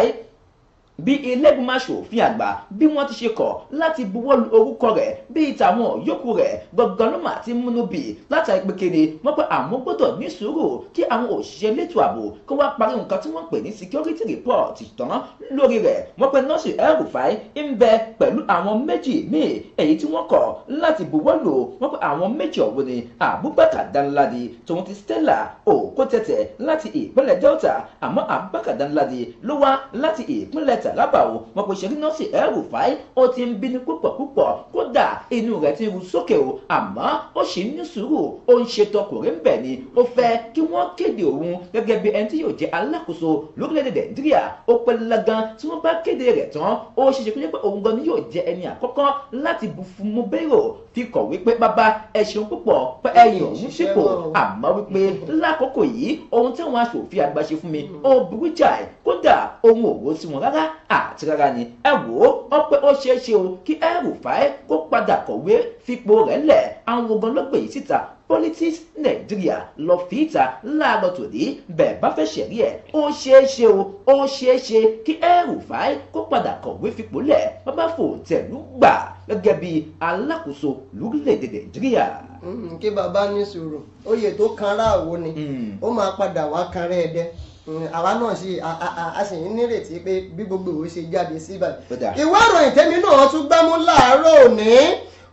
bí ilégbìmọ̀ aṣòfin àgbà bí wọ́n ti ṣe kọ̀ láti buwọ́lu orúkọ rẹ̀ bíi tàwọn yòókù rẹ̀ gbọ̀ngàn ló mà ti múnú bì látàrí pé kéde wọ́n pé àwọn gbọ́dọ̀ ní sùúrù kí àwọn òṣìṣẹ́ elétò ààbò kó wá parí nǹkan tí wọ́n pè ní security report tán lórí rẹ̀ wọ́n pé nọ́ọ̀sì El-Rufai ń bẹ pẹ̀lú àwọn méjì míì èyí tí wọ́n kọ̀ láti buwọ́lu wọ́n pé àwọn méjì ọ̀hún ni Abubakar Danladi tòun ti Stella Okotete láti ìpínlẹ̀ Delta àmọ́ Abubakar Danladi ló wá láti ìpínlẹ̀ Taraba o wọ́n pe Sheikh Nasir El-Rufai ó ti ń bínú púpọ̀ púpọ̀ kódà inú rẹ̀ ti ru sókè o àmọ́ ó sì ń ní sùúrù ó ń ṣe tọkùnrin bẹ̀ ni ó fẹ́ kí wọ́n kéde òun gẹ́gẹ́ bí ẹni tí yóò jẹ́ alákòóso lórílẹ̀‐èdè Nàìjíríà ó pẹ́ lagan tí wọ́n bá kéde rẹ̀ tán ó ṣe ṣe pé òun gan ni yóò jẹ́ ẹni àkọ́kọ́ láti bu fún mu bẹ́rò fi kọ̀ wípé bàbá ẹ púpọ̀ pé òun sípò àmọ́ wípé lákòókò yìí ohun táwọn aṣòfin àgbà ṣe fún mi ó burú jáì kódà ohun òwò sí wọn rárá àti rárá ni ẹ wò ó wọ́n pé ó ṣeé ṣe o kí El-Rufai kó padà kọ̀wé fipò rẹ̀ lẹ̀ àwọn ogun lọ́gbẹ̀ yìí síta politics nàìjíríà lọ fi ìta láàárọ̀ tòní bẹ́ẹ̀ bá fẹ́ ṣẹ̀rí ẹ̀ ó ṣeé ṣe o ó ṣeé ṣe kí El-Rufai kó padà kọ̀wé fipò lẹ̀ bàbá fòtẹ́lù gbà gẹ́gẹ́ bí alákòóso lórílẹ̀‐èdè nàìjíríà. Mm, kí bàbá ní sùúrù oyè tó kanra àwo ni mm. ó máa padà wá kanra ẹ̀dẹ́ Mm, àwa náà ṣe a sì ń nírètí pé bí gbogbo òwe ṣe jáde síbàdí ìwé ìròyìn tèmi náà tún gbámú láàárọ̀ òní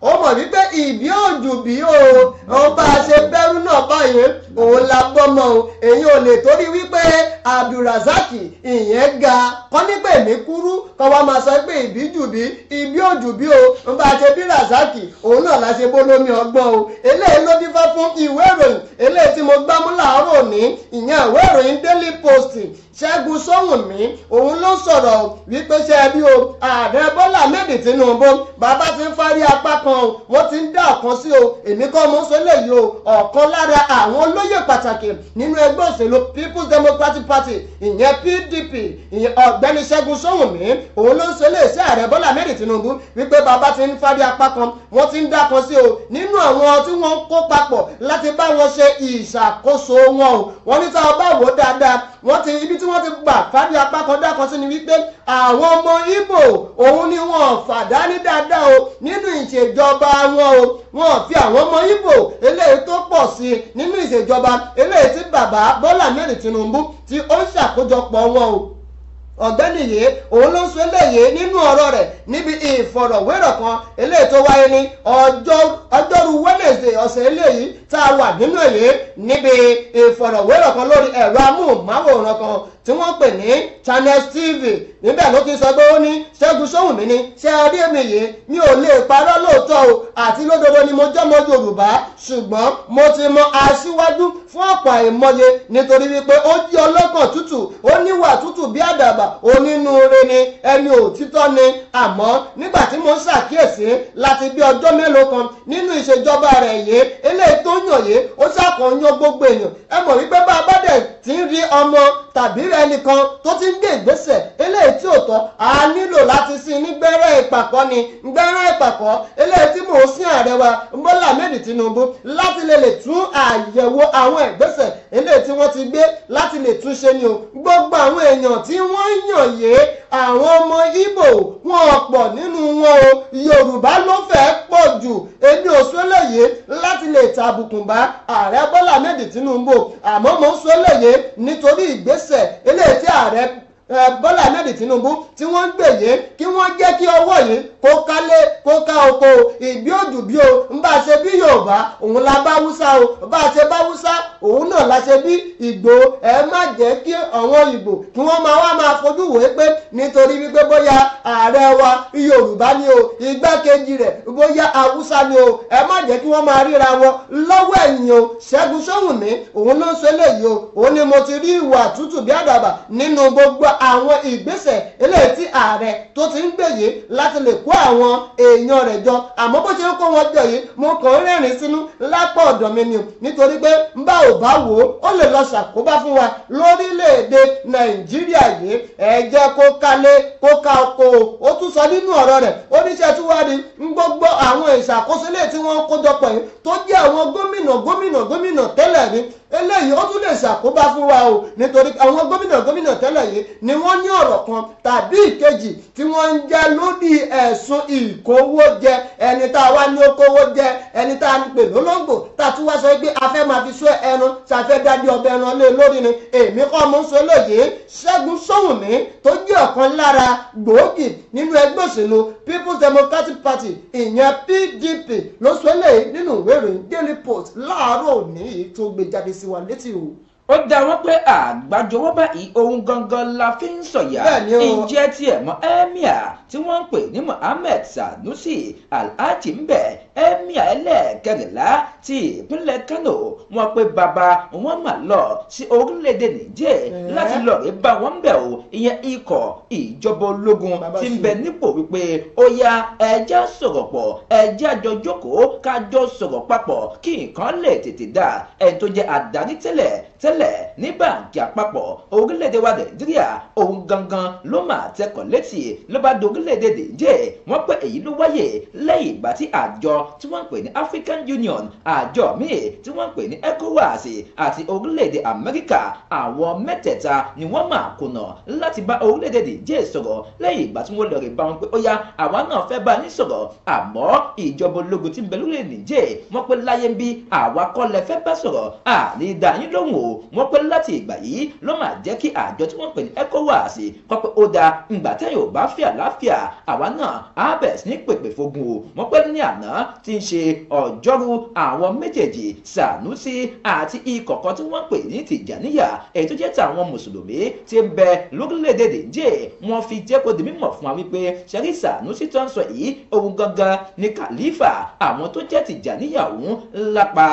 ó mọ̀ wípé ìbí òjò bí o òun bá a ṣe bẹ́rù náà báyìí òun la gbọ́mọ o èyí ò lè torí wípé Abdulrasaq ìyẹn ga kọ́ nígbà èmi kúrú kọ́ wa máa sọ pé ìbí jùbí ìbí òjò bí o òun bá a ṣe bí Rasaq òun náà la ṣe bólómi ọgbọ́n o eléyìí ló dífá fún ìwé ìròyìn eléyìí tí mo gbámú láàárọ̀ ní ìyẹn ìwé ìròyìn Daily Post ṣẹ́gun sówùnmí òun ló sọ̀rọ̀ wípé ṣe bí o ààrẹ bọ́lá méjì tinubu bàbá ti ń fárí apá kan o wọ́n ti ń dá ọ̀kan sí o èmi kọ́ mo ń sọ o ọ̀kan lára àwọn olóyè pàtàkì nínú ẹgbẹ́ òṣèlú people's democratic party ìyẹn pdp ọ̀gbẹ́ni ṣẹ́gun sówùnmí òun ló ń sọ eléyìí sí ààrẹ bọ́lá méjì tinubu wípé bàbá ti ń fárí apá kan wọ́n ti ń dá kan sí o nínú àwọn tí wọ́n kó papọ̀ láti bá wọn ṣe ìṣàkóso wọn o wọ́n ní tá a bá wò wọ́n ti gbà fàbí apákọ̀dá kan sí ni wípé àwọn ọmọ Ìgbò òun ni wọ́n fàdá ní dáadáa o nínú ìṣèjọba wọn o wọ́n fi àwọn ọmọ Ìgbò eléyìí tó pọ̀ sí i nínú ìṣèjọba eléyìí tí bàbá Bọ́lá mẹ́rin Tinubu tí ó ń ṣàkójọpọ̀ wọn o ọ̀gbẹ́ni yìí òun ló ń sọ eléyìí nínú ọ̀rọ̀ rẹ̀ níbi ìfọ̀rọ̀wérọ̀ kan eléyìí tó wáyé ní ọjọ́rú Wednesday ọ̀sẹ̀ eléyìí tá a wà nínú èyí níbi ìfọ̀rọ̀wérọ̀ kan lórí ẹ̀rọ amóhùnmáwòrán kan tí wọ́n pè ní Channels TV níbẹ̀ ló ti sọ pé ó ní Ṣẹ́gun Ṣóhùnmí ni ṣé ẹ rí èmi yìí mi ò lè parọ́ lóòótọ́ o àti lódodo ni mo jọ́mọ Yorùbá ṣùgbọ́n mo ti mọ aṣíwájú fún ọ̀pọ̀ àìmọye nítorí wípé ó jí ọlọ́kàn tútù ó níwà tútù bí àdàbà onínúure ni ẹni òtítọ́ ni àmọ́ nígbà tí mo ń ṣàkíyèsí láti bí ọjọ́ mélòó kan nínú ìṣèjọba rẹ̀ yìí eléyìí tó ń yàn yé ó sàkàn gbogbo èèyàn ẹ mọ̀ wípé bá a bá dẹ̀ ti ń rí ọmọ tàbí ẹnìkan tó ti ń gbé ìgbésẹ̀ eléyìí tí ò tọ́ a nílò láti sí ní gbẹ́rẹ́ ìpàkọ́ ni gbẹ́rẹ́ ìpàkọ́ eléyìí tí mò ń sin ààrẹ wa Bọ́lá Ahmed Tinubu láti lè lè tún àyẹ̀wò àwọn ìgbésẹ̀ eléyìí tí wọ́n ti gbé láti lè tún ṣe ni o gbogbo àwọn èèyàn tí wọ́n yàn yé àwọn ọmọ Ìgbò wọn ọ̀pọ̀ nínú wọn o Yorùbá ló fẹ́ pọ̀ jù èmi ò sọ eléyìí láti lè tàbùkù bá ààrẹ Bọ́lá Ahmed Tinubu àmọ́ mo ń sọ nítorí ìgbésẹ̀ ìgbésẹ̀ eléyìí tí ààrẹ Bọ́lá Ahmed Tinubu tí wọ́n ń gbè yín kí wọ́n jẹ́ kí ọwọ́ yín kó kálé kó ká oko ìbí òjù bí o ń bá ṣe bí Yorùbá òun la bá Hausa o bá a ṣe bá Hausa òun náà la ṣe bí Ìgbò ẹ má jẹ́ kí àwọn Ìgbò kí wọ́n máa wá máa fojú wòó pé nítorí wípé bóyá ààrẹ wa Yorùbá ni o igbákejì rẹ̀ bóyá Hausa ni o ẹ má jẹ́ kí wọ́n máa ríra wọn lọ́wọ́ ẹ̀yìn o Ṣẹ́gun Ṣówùnmí òun ló ń ṣe léyìí o òun ni mo ti rí ìwà tútù bí àdàbà nínú gbogbo àwọn ìgbésẹ̀ eléyìí tí ààrẹ tó ti ń gbé yìí láti lè kó àwọn èèyàn rẹ̀ jọ àmọ́ bó ṣe ń kó wọn jọ yìí mo kàn ń rẹ́rìn sínú lápá ọ̀dọ̀ mi ni nítorí pé ń bá ò bá wò ó ó lè lọ ṣàkóbá fún wa lórílẹ̀‐èdè nàìjíríà yìí ẹ jẹ́ kó kalẹ̀ kó ka oko ó tún sọ nínú ọ̀rọ̀ rẹ̀ oníṣẹ́ tí wàá rí ń gbogbo àwọn ìṣàkóso ilé tí eléyìí ó tún lè ṣàkóbá fún wa o nítorí àwọn gómìnà gómìnà tẹ́lẹ̀ yìí ni wọ́n ní ọ̀rọ̀ kan tàbí ìkejì tí wọ́n ń jẹ́ lórí ẹ̀sùn ìkówójẹ ẹni tá a wá ní ó kówó jẹ ẹni tá a ń pè lólóńgbò tá a tún wá sọ pé a fẹ́ máa fi sọ ẹnu ṣàfẹ́ dájú ọbẹ̀ ẹran lé e lórí ni èmi kọ́ mo sọ eléyìí Ṣẹ́gun Ṣówùnmí tó jẹ́ ọ̀kan lára gbòógì nínú ẹgbẹ́ òṣèlú People's Democratic Party ìyẹn PDP ló sọ eléyìí nínú ìwé ìròyìn Daily Post láàárọ̀ òní tó gbé jáde sí its you ó dá wọn pé àgbájọwọ́ báyìí ohun gangan la fi ń sọ̀yà ìjẹ́ tiẹ̀ mọ́ ẹ́míà tí wọ́n ń pè ní Mohammed Sanusi Alhaji ń bẹ̀ ẹ́míà ẹlẹ́ẹ̀kẹrìnlá ti ìpínlẹ̀ Kano wọ́n pé bàbá wọn mà lọ sí orílẹ̀-èdè Niger láti lọ rí bá wọn bẹ̀ o ìyẹn ikọ̀ ìjọba ológun ti ń bẹ nípò wípé ó yá ẹjẹ́ sọ̀rọ̀ pọ̀ ẹjẹ́ àjọ jókòó kájọ sọ̀rọ̀ papọ̀ kí nǹkan lè tètè dà ẹni tó jẹ́ àdáni tẹ́lẹ̀ ní báǹkì àpapọ̀ orílẹ̀-èdè wa nàìjíríà òun gangan ló máa tẹkọ̀ létí ló bá dorílẹ̀-èdè dèjé wọ́n pé èyí ló wáyé lẹ́yìn ìgbà tí àjọ tí wọ́n ń pè ní African Union àjọ míì tí wọ́n ń pè ní ECOWAS àti orílẹ̀-èdè Amẹ́ríkà àwọn mẹ́tẹ̀ẹ̀ta ni wọ́n máa kùnà láti bá orílẹ̀-èdè dèjé sọ̀rọ̀ lẹ́yìn ìgbà tí wọ́n lọ rè bá wọn pé ó yá àwa náà fẹ́ bá yín sọ̀rọ̀ àmọ́ ìjọba ológun tí ń bẹ lórílẹ̀-èdè dèjé wọ́n pé láyé ń bí àwa kọ́ lẹ fẹ́ bá sọ̀rọ̀ àní dá lóhùn o wọ́n pẹ́ láti ìgbà yìí ló máa jẹ́ kí àjọ tí wọ́n pè ní ECOWAS kọ́ pé ó dáa ǹgbà tẹ́yìn ò bá fẹ́ àlàáfíà àwa náà abẹ́s ní pèpè fogun o wọ́n pẹ́ ní àná tí ń ṣe ọjọ́rú àwọn méjèèjì Sànúsí àti ikọ̀ kan tí wọ́n pè ní Tìjàníyà èyí tó jẹ́ tàwọn mùsùlùmí ti ń bẹ lórílẹ̀‐èdè Nàìjíríà fi jẹ́ kó di mímọ̀ fún wa wípé ṣẹ́rí Sànúsí tó ń sọ yìí ohun gangan ni kàlífà àwọn tó jẹ́ Tìjàníyà òun lápá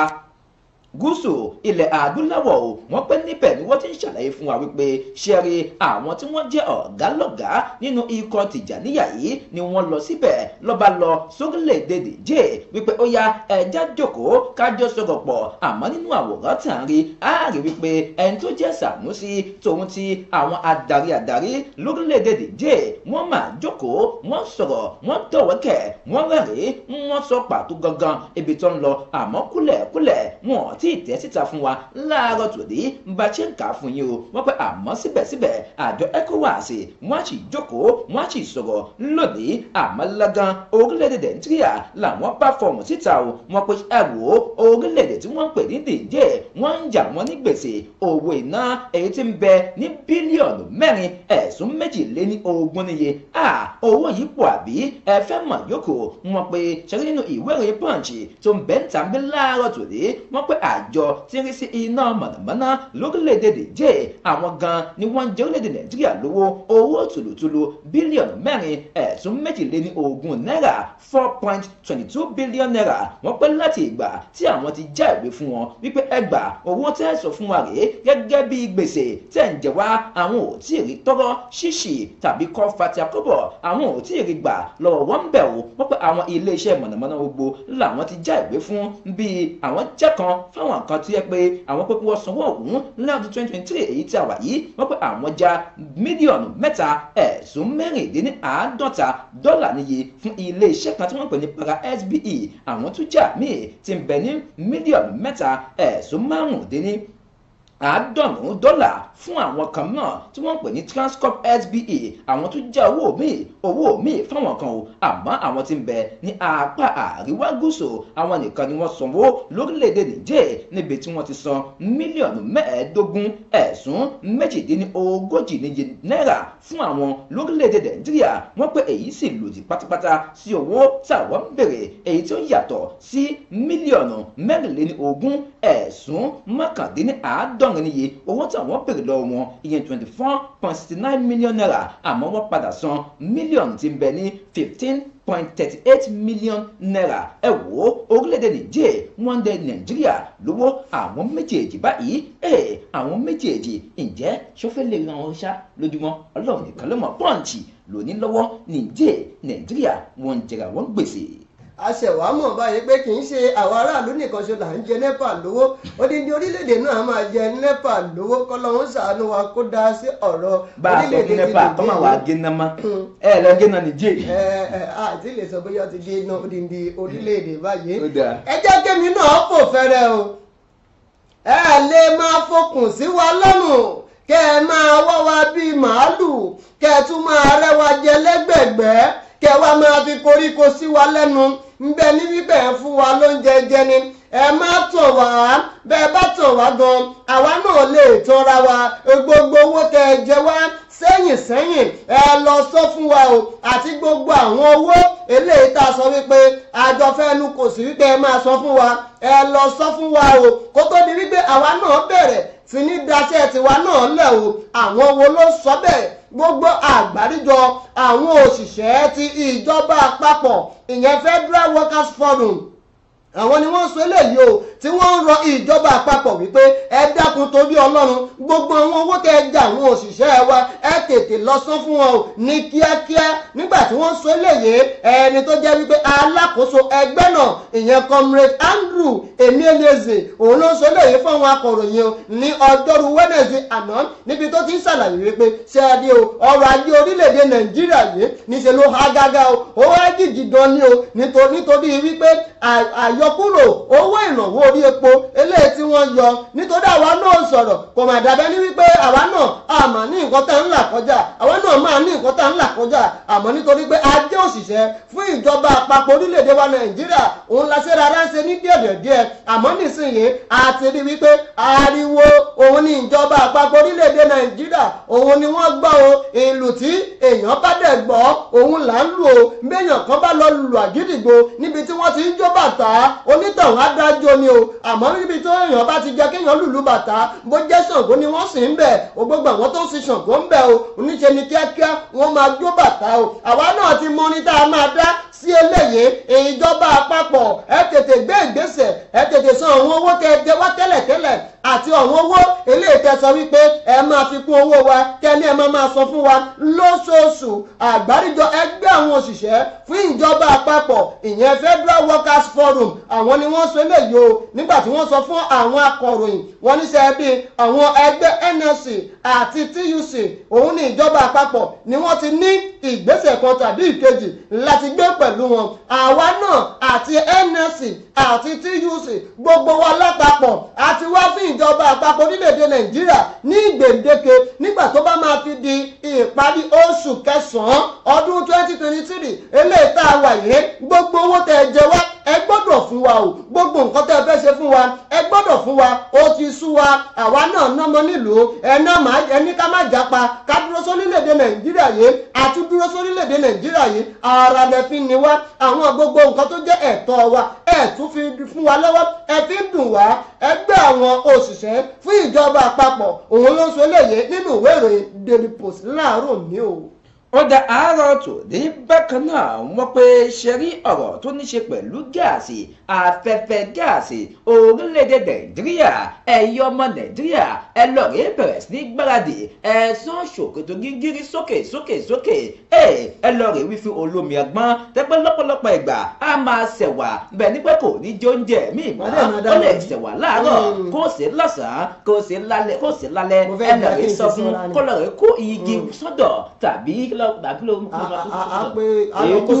gúúsù ilẹ̀ adúláwọ̀ o wọ́n pẹ́ níbẹ̀ ni wọ́n ti ń ṣàlàyé fún wa wípé ṣẹ́rí àwọn tí wọ́n jẹ́ ọ̀gá lọ́gá nínú ikọ̀ tìjàníyà yìí ni wọ́n lọ síbẹ̀ lọ́ba lọ sórílẹ̀-èdè dèjé wípé ó ya ẹja jókòó kájọ sọ̀rọ̀ pọ̀ àmọ́ nínú àwòrán tà ń rí á rí wípé ẹni tó jẹ́ sàmúsí tòun ti àwọn adarí adarí lórílẹ̀-èdè dèjé wọ́n máa jókòó wọ́n sọ̀rọ̀ wọ́n tọ̀wẹ́kẹ̀ tí ì tẹ́ síta fún wa láàárọ̀ tòní bá ṣe ń kà á fún yín o wọ́n pẹ́ àmọ́ síbẹ̀síbẹ̀ àjọ ECOWAS wọ́n á sì jókòó wọ́n á sì sọ̀rọ̀ lónìí àmọ́ lágan orílẹ̀-èdè nàìjíríà làwọn bá fọ̀hún síta o wọ́n pe ẹ wò ó orílẹ̀-èdè tí wọ́n ń pè ní Niger wọ́n ń jà wọ́n ní gbèsè owó iná èyí tí ń bẹ ní bílíọ̀nù mẹ́rin ẹ̀sùn méjìléní ogún níye owó yìí pọ̀ àbí ẹ fẹ́ mọ̀ yòókù wọ́n pe ṣẹ́rí nínú ìwé ìròyìn Punch tó ń bẹ́ńtà ń bí láàárọ̀ tòní wọ́n pe àjọ tí ń rí sí iná mọ̀nàmọ́ná lórílẹ̀‐èdè àwọn gan ni wọ́n ń jẹ orílẹ̀‐èdè Nàìjíríà lówó owó tùlùtùlù bílíọ̀nù mẹ́rin ẹ̀sùn méjìléní ogún náírà four point twenty two billion naira wọ́n pẹ́ láti ìgbà tí àwọn ti já ìwé fún wọn wípé ẹgbà owó tẹ́ sọ fún wa rèé gẹ́gẹ́ bí gbèsè tẹ̀ ń jẹ wá àwọn ò tí ì rí tọ́rọ́ ṣíṣì tàbí kọ́ fati akọ́bọ̀ àwọn ò tí ì rí gbà lọ́wọ́ wọn bẹ̀ wò wọ́n pẹ́ àwọn iléeṣẹ́ mọ̀nàmọ́ná gbogbo làwọn ti já ìwé fún bíi àwọn jẹ́ kan f fáwọn nǹkan tí yẹ pé àwọn pé kí wọ́n sanwó ọ̀hún láti 2023 twenty three èyí tí a wà yìí wọ́n pé àwọn já mílíọ̀nù mẹ́ta ẹ̀sùn mẹ́rìndínláàádọ́ta dọ́là níye fún ilé iṣẹ́ kan tí wọ́n pè ní para SBE àwọn tún já míì ti ń bẹ ní mílíọ̀nù mẹ́ta ẹ̀sùn márùndínláàádọ́ta àádọ́rùn-ún dọ́là fún àwọn kan náà tí wọ́n ń pè ní transcorp sbe àwọn tó jẹ́ owó míì owó míì fáwọn kan o àmọ́ àwọn tí ń bẹ ní apá àríwá gúúsù àwọn nìkan ni wọ́n sanwó lórílẹ̀‐èdè níjẹ́ níbi tí wọ́n ti san mílíọ̀nù mẹ́ẹ̀ẹ́dógún ẹ̀sùn méjìdínlógójì níye náírà fún àwọn lórílẹ̀‐èdè nàìjíríà wọ́n pé èyí sì lòdì pátápátá sí owó táwọn béèrè èyí tí yàtọ̀ sí mílíọ̀nù lọ́rùn níye owó táwọn béèrè lọ́wọ́ wọn iye twenty four point sixty nine million naira àmọ́ wọ́n padà san mílíọ̀nù tí ń ní fifteen point thirty eight million naira ẹ wò ó orílẹ̀-èdè Niger wọ́n ń dẹ Nàìjíríà lówó àwọn méjèèjì báyìí ẹ̀ àwọn méjèèjì ǹjẹ́ sọ́fẹ́ lè ran wọn ṣá lójúmọ́ Ọlọ́run nìkan ló mọ̀ pọ́ǹtì lónìí lọ́wọ́ Niger Nàìjíríà wọ́n ń wọ́n gbèsè. aṣẹ̀wámọ̀ báyìí pé kì í ṣe àwọn aráàlú nìkan ṣe là NEPA lówó odindi orílẹ̀-èdè náà máa jẹ NEPA lówó kọ́lọ́hún ṣàánú wa kó dá sí ọ̀rọ̀ orílẹ̀-èdè ti nìjẹ́ bá wà á géná mọ́ ẹ lọ na nìjẹ́. ẹ ẹ lè sọ bóyá ti géná odindi orílẹ̀-èdè báyìí ẹ jẹ́ kémi náà kò fẹ́rẹ̀ o ẹ lè máa sí wa ẹ wá wa bíi ẹ tún máa rẹ́ wa jẹ fi koríko ńbẹ ní wípé ẹ fún wa lóúnjẹ jẹ ni ẹ má tọ̀ wá bẹ́ẹ̀ bá tọ̀ wá gan àwa náà lè tọ́ra wa gbogbo owó tẹ ẹ jẹ wá sẹ́yìn sẹ́yìn ẹ lọ sọ fún wa o àti gbogbo àwọn owó eléyìí tá a sọ wípé àjọ fẹ́nu kò sí wípé ẹ máa sọ fún wa ẹ lọ sọ fún wa o kó tó di wípé àwa náà bẹ̀rẹ̀ fi ní daṣẹ́ tiwa náà lẹ̀ o àwọn wo ló sọ bẹ́ẹ̀ gbogbo àgbáríjọ àwọn òṣìṣẹ́ ti ìjọba àpapọ̀ ìyẹn Federal Workers Forum àwọn ni wọ́n sọ eléyìí o tí wọ́n ń rọ ìjọba àpapọ̀ wípé ẹ dákun torí ọlọ́run gbogbo àwọn owó tẹ jà àwọn òṣìṣẹ́ wa ẹ tètè lọ san fún wọn o ní kíákíá nígbà tí wọ́n sọ eléyìí ẹni tó jẹ́ wípé alákòóso ẹgbẹ́ náà ìyẹn comrade Andrew Emeleze òun ló ń sọ eléyìí fún àwọn akọ̀ròyìn o ní ọjọ́rú Wednesday àná níbi tó ti ń ṣàlàyé wípé ṣe adé o ọrọ̀ ajé orílẹ̀-èdè Nàìjíríà yìí níṣẹ́ ló há gágá o ó wá jìjì gan ni o nítorí wípé àyọkúrò owó ìrànwọ́ orí epo eléyìí tí wọ́n yọ nítorí àwa náà sọ̀rọ̀ kò mà dàbẹ́ ní wípé àwa náà àmọ́ ní nǹkan tá ń là kọjá àwa náà máa ní nǹkan tá ń là kọjá àmọ́ nítorí pé a jẹ́ òṣìṣẹ́ fún ìjọba àpapọ̀ orílẹ̀-èdè wa nàìjíríà òun la ṣe rárá ṣe ní díẹ̀díẹ̀ àmọ́ nísìnyí a ti rí wípé ariwo òun ni ìjọba àpapọ̀ orílẹ̀-èdè nàìjíríà òun ni wọ́n gbọ́ o ìlù tí èèyàn bá dẹ̀ gbọ́ òun là ń lù o béèyàn kan bá lọ lù àgídìgbò níbi tí wọ́n ti ń jó bàtà onítàn adájọ́ ni o àmọ́ níbi tó èèyàn bá ti jẹ́ kéèyàn lùlù bàtà bó jẹ́ Ṣàngó ni wọ́n sì ń bẹ̀ o gbogbo àwọn tó ń sin Ṣàngó ń bẹ̀ o oníṣe ni kíákíá wọ́n máa jó bàtà o àwa náà ti mọ ní tá a máa dá sí eléyìí ìjọba àpapọ̀ ẹ tètè gbé ìgbésẹ̀ ẹ tètè san àwọn owó tẹ jẹ wá tẹ́lẹ̀tẹ́lẹ̀ àti ọ̀wọ́n owó eléyìí tẹ́ sọ wípé ẹ máa fi kún owó wa kẹ́ni ẹ máa máa sọ fún wa lóṣooṣù àgbáríjọ ẹgbẹ́ àwọn òṣìṣẹ́ fún ìjọba àpapọ̀ ìyẹn Federal Workers Forum àwọn ni wọ́n sọ eléyìí o nígbà tí wọ́n sọ fún àwọn akọ̀ròyìn wọ́n níṣẹ́ bí àwọn ẹgbẹ́ NLC àti TUC òun ni ìjọba àpapọ̀ ni wọ́n ti ní ìgbésẹ̀ kan tàbí ìkejì láti gbé pẹ̀lú wọn àwa náà àti NLC àti TUC gbogbo wa lápapọ̀ àti wá fún ìjọba àpapọ̀ orílẹ̀-èdè nàìjíríà ní gbèǹdéke nígbà tó bá máa fi di ìparí oṣù kẹsàn-án ọdún twenty twenty three eléyìí tá a wà yìí gbogbo owó tẹ ẹ wá ẹ gbọ́dọ̀ fún wa o gbogbo nǹkan tẹ́ ẹ fẹ́ ṣe fún wa ẹ gbọ́dọ̀ fún wa ó ti sú wa àwa náà nọ́mọ nílùú ẹ̀ná ẹni ká má japa ká dúró sórílẹ̀-èdè nàìjíríà yìí àti dúró sórílẹ̀-èdè nàìjíríà yìí ara lẹ fi ni wá àwọn gbogbo nǹkan tó jẹ́ ẹ̀tọ́ wa ẹ tún fi fún wa lọ́wọ́ ẹ fi dùn wá ẹgbẹ́ àwọn òṣìṣẹ́ fún ìjọba àpapọ̀ òun ló ń sọ eléyìí nínú ìwé ìròyìn Daily Post láàárọ̀ ní o wọ́n da àárọ̀ tòní bákan náà wọ́n pé ṣe rí ọ̀rọ̀ tó ní ṣe pẹ̀lú gáàsì afẹ́fẹ́ gáàsì orílẹ̀-èdè nàìjíríà ẹ̀yọ́ ọmọ nàìjíríà ẹ lọ rí bẹ̀rẹ̀ sí ní gbáradì ẹ̀sán ṣòkòtò gírígírí sókè sókè sókè ẹ lọ rí wífi olómi ọgbọ́n tẹ́pẹ́ lọ́pọ̀lọpọ̀ ìgbà a máa ṣẹ̀wà bẹ̀ nígbà kò ní jẹ oúnjẹ míì àbílò èédú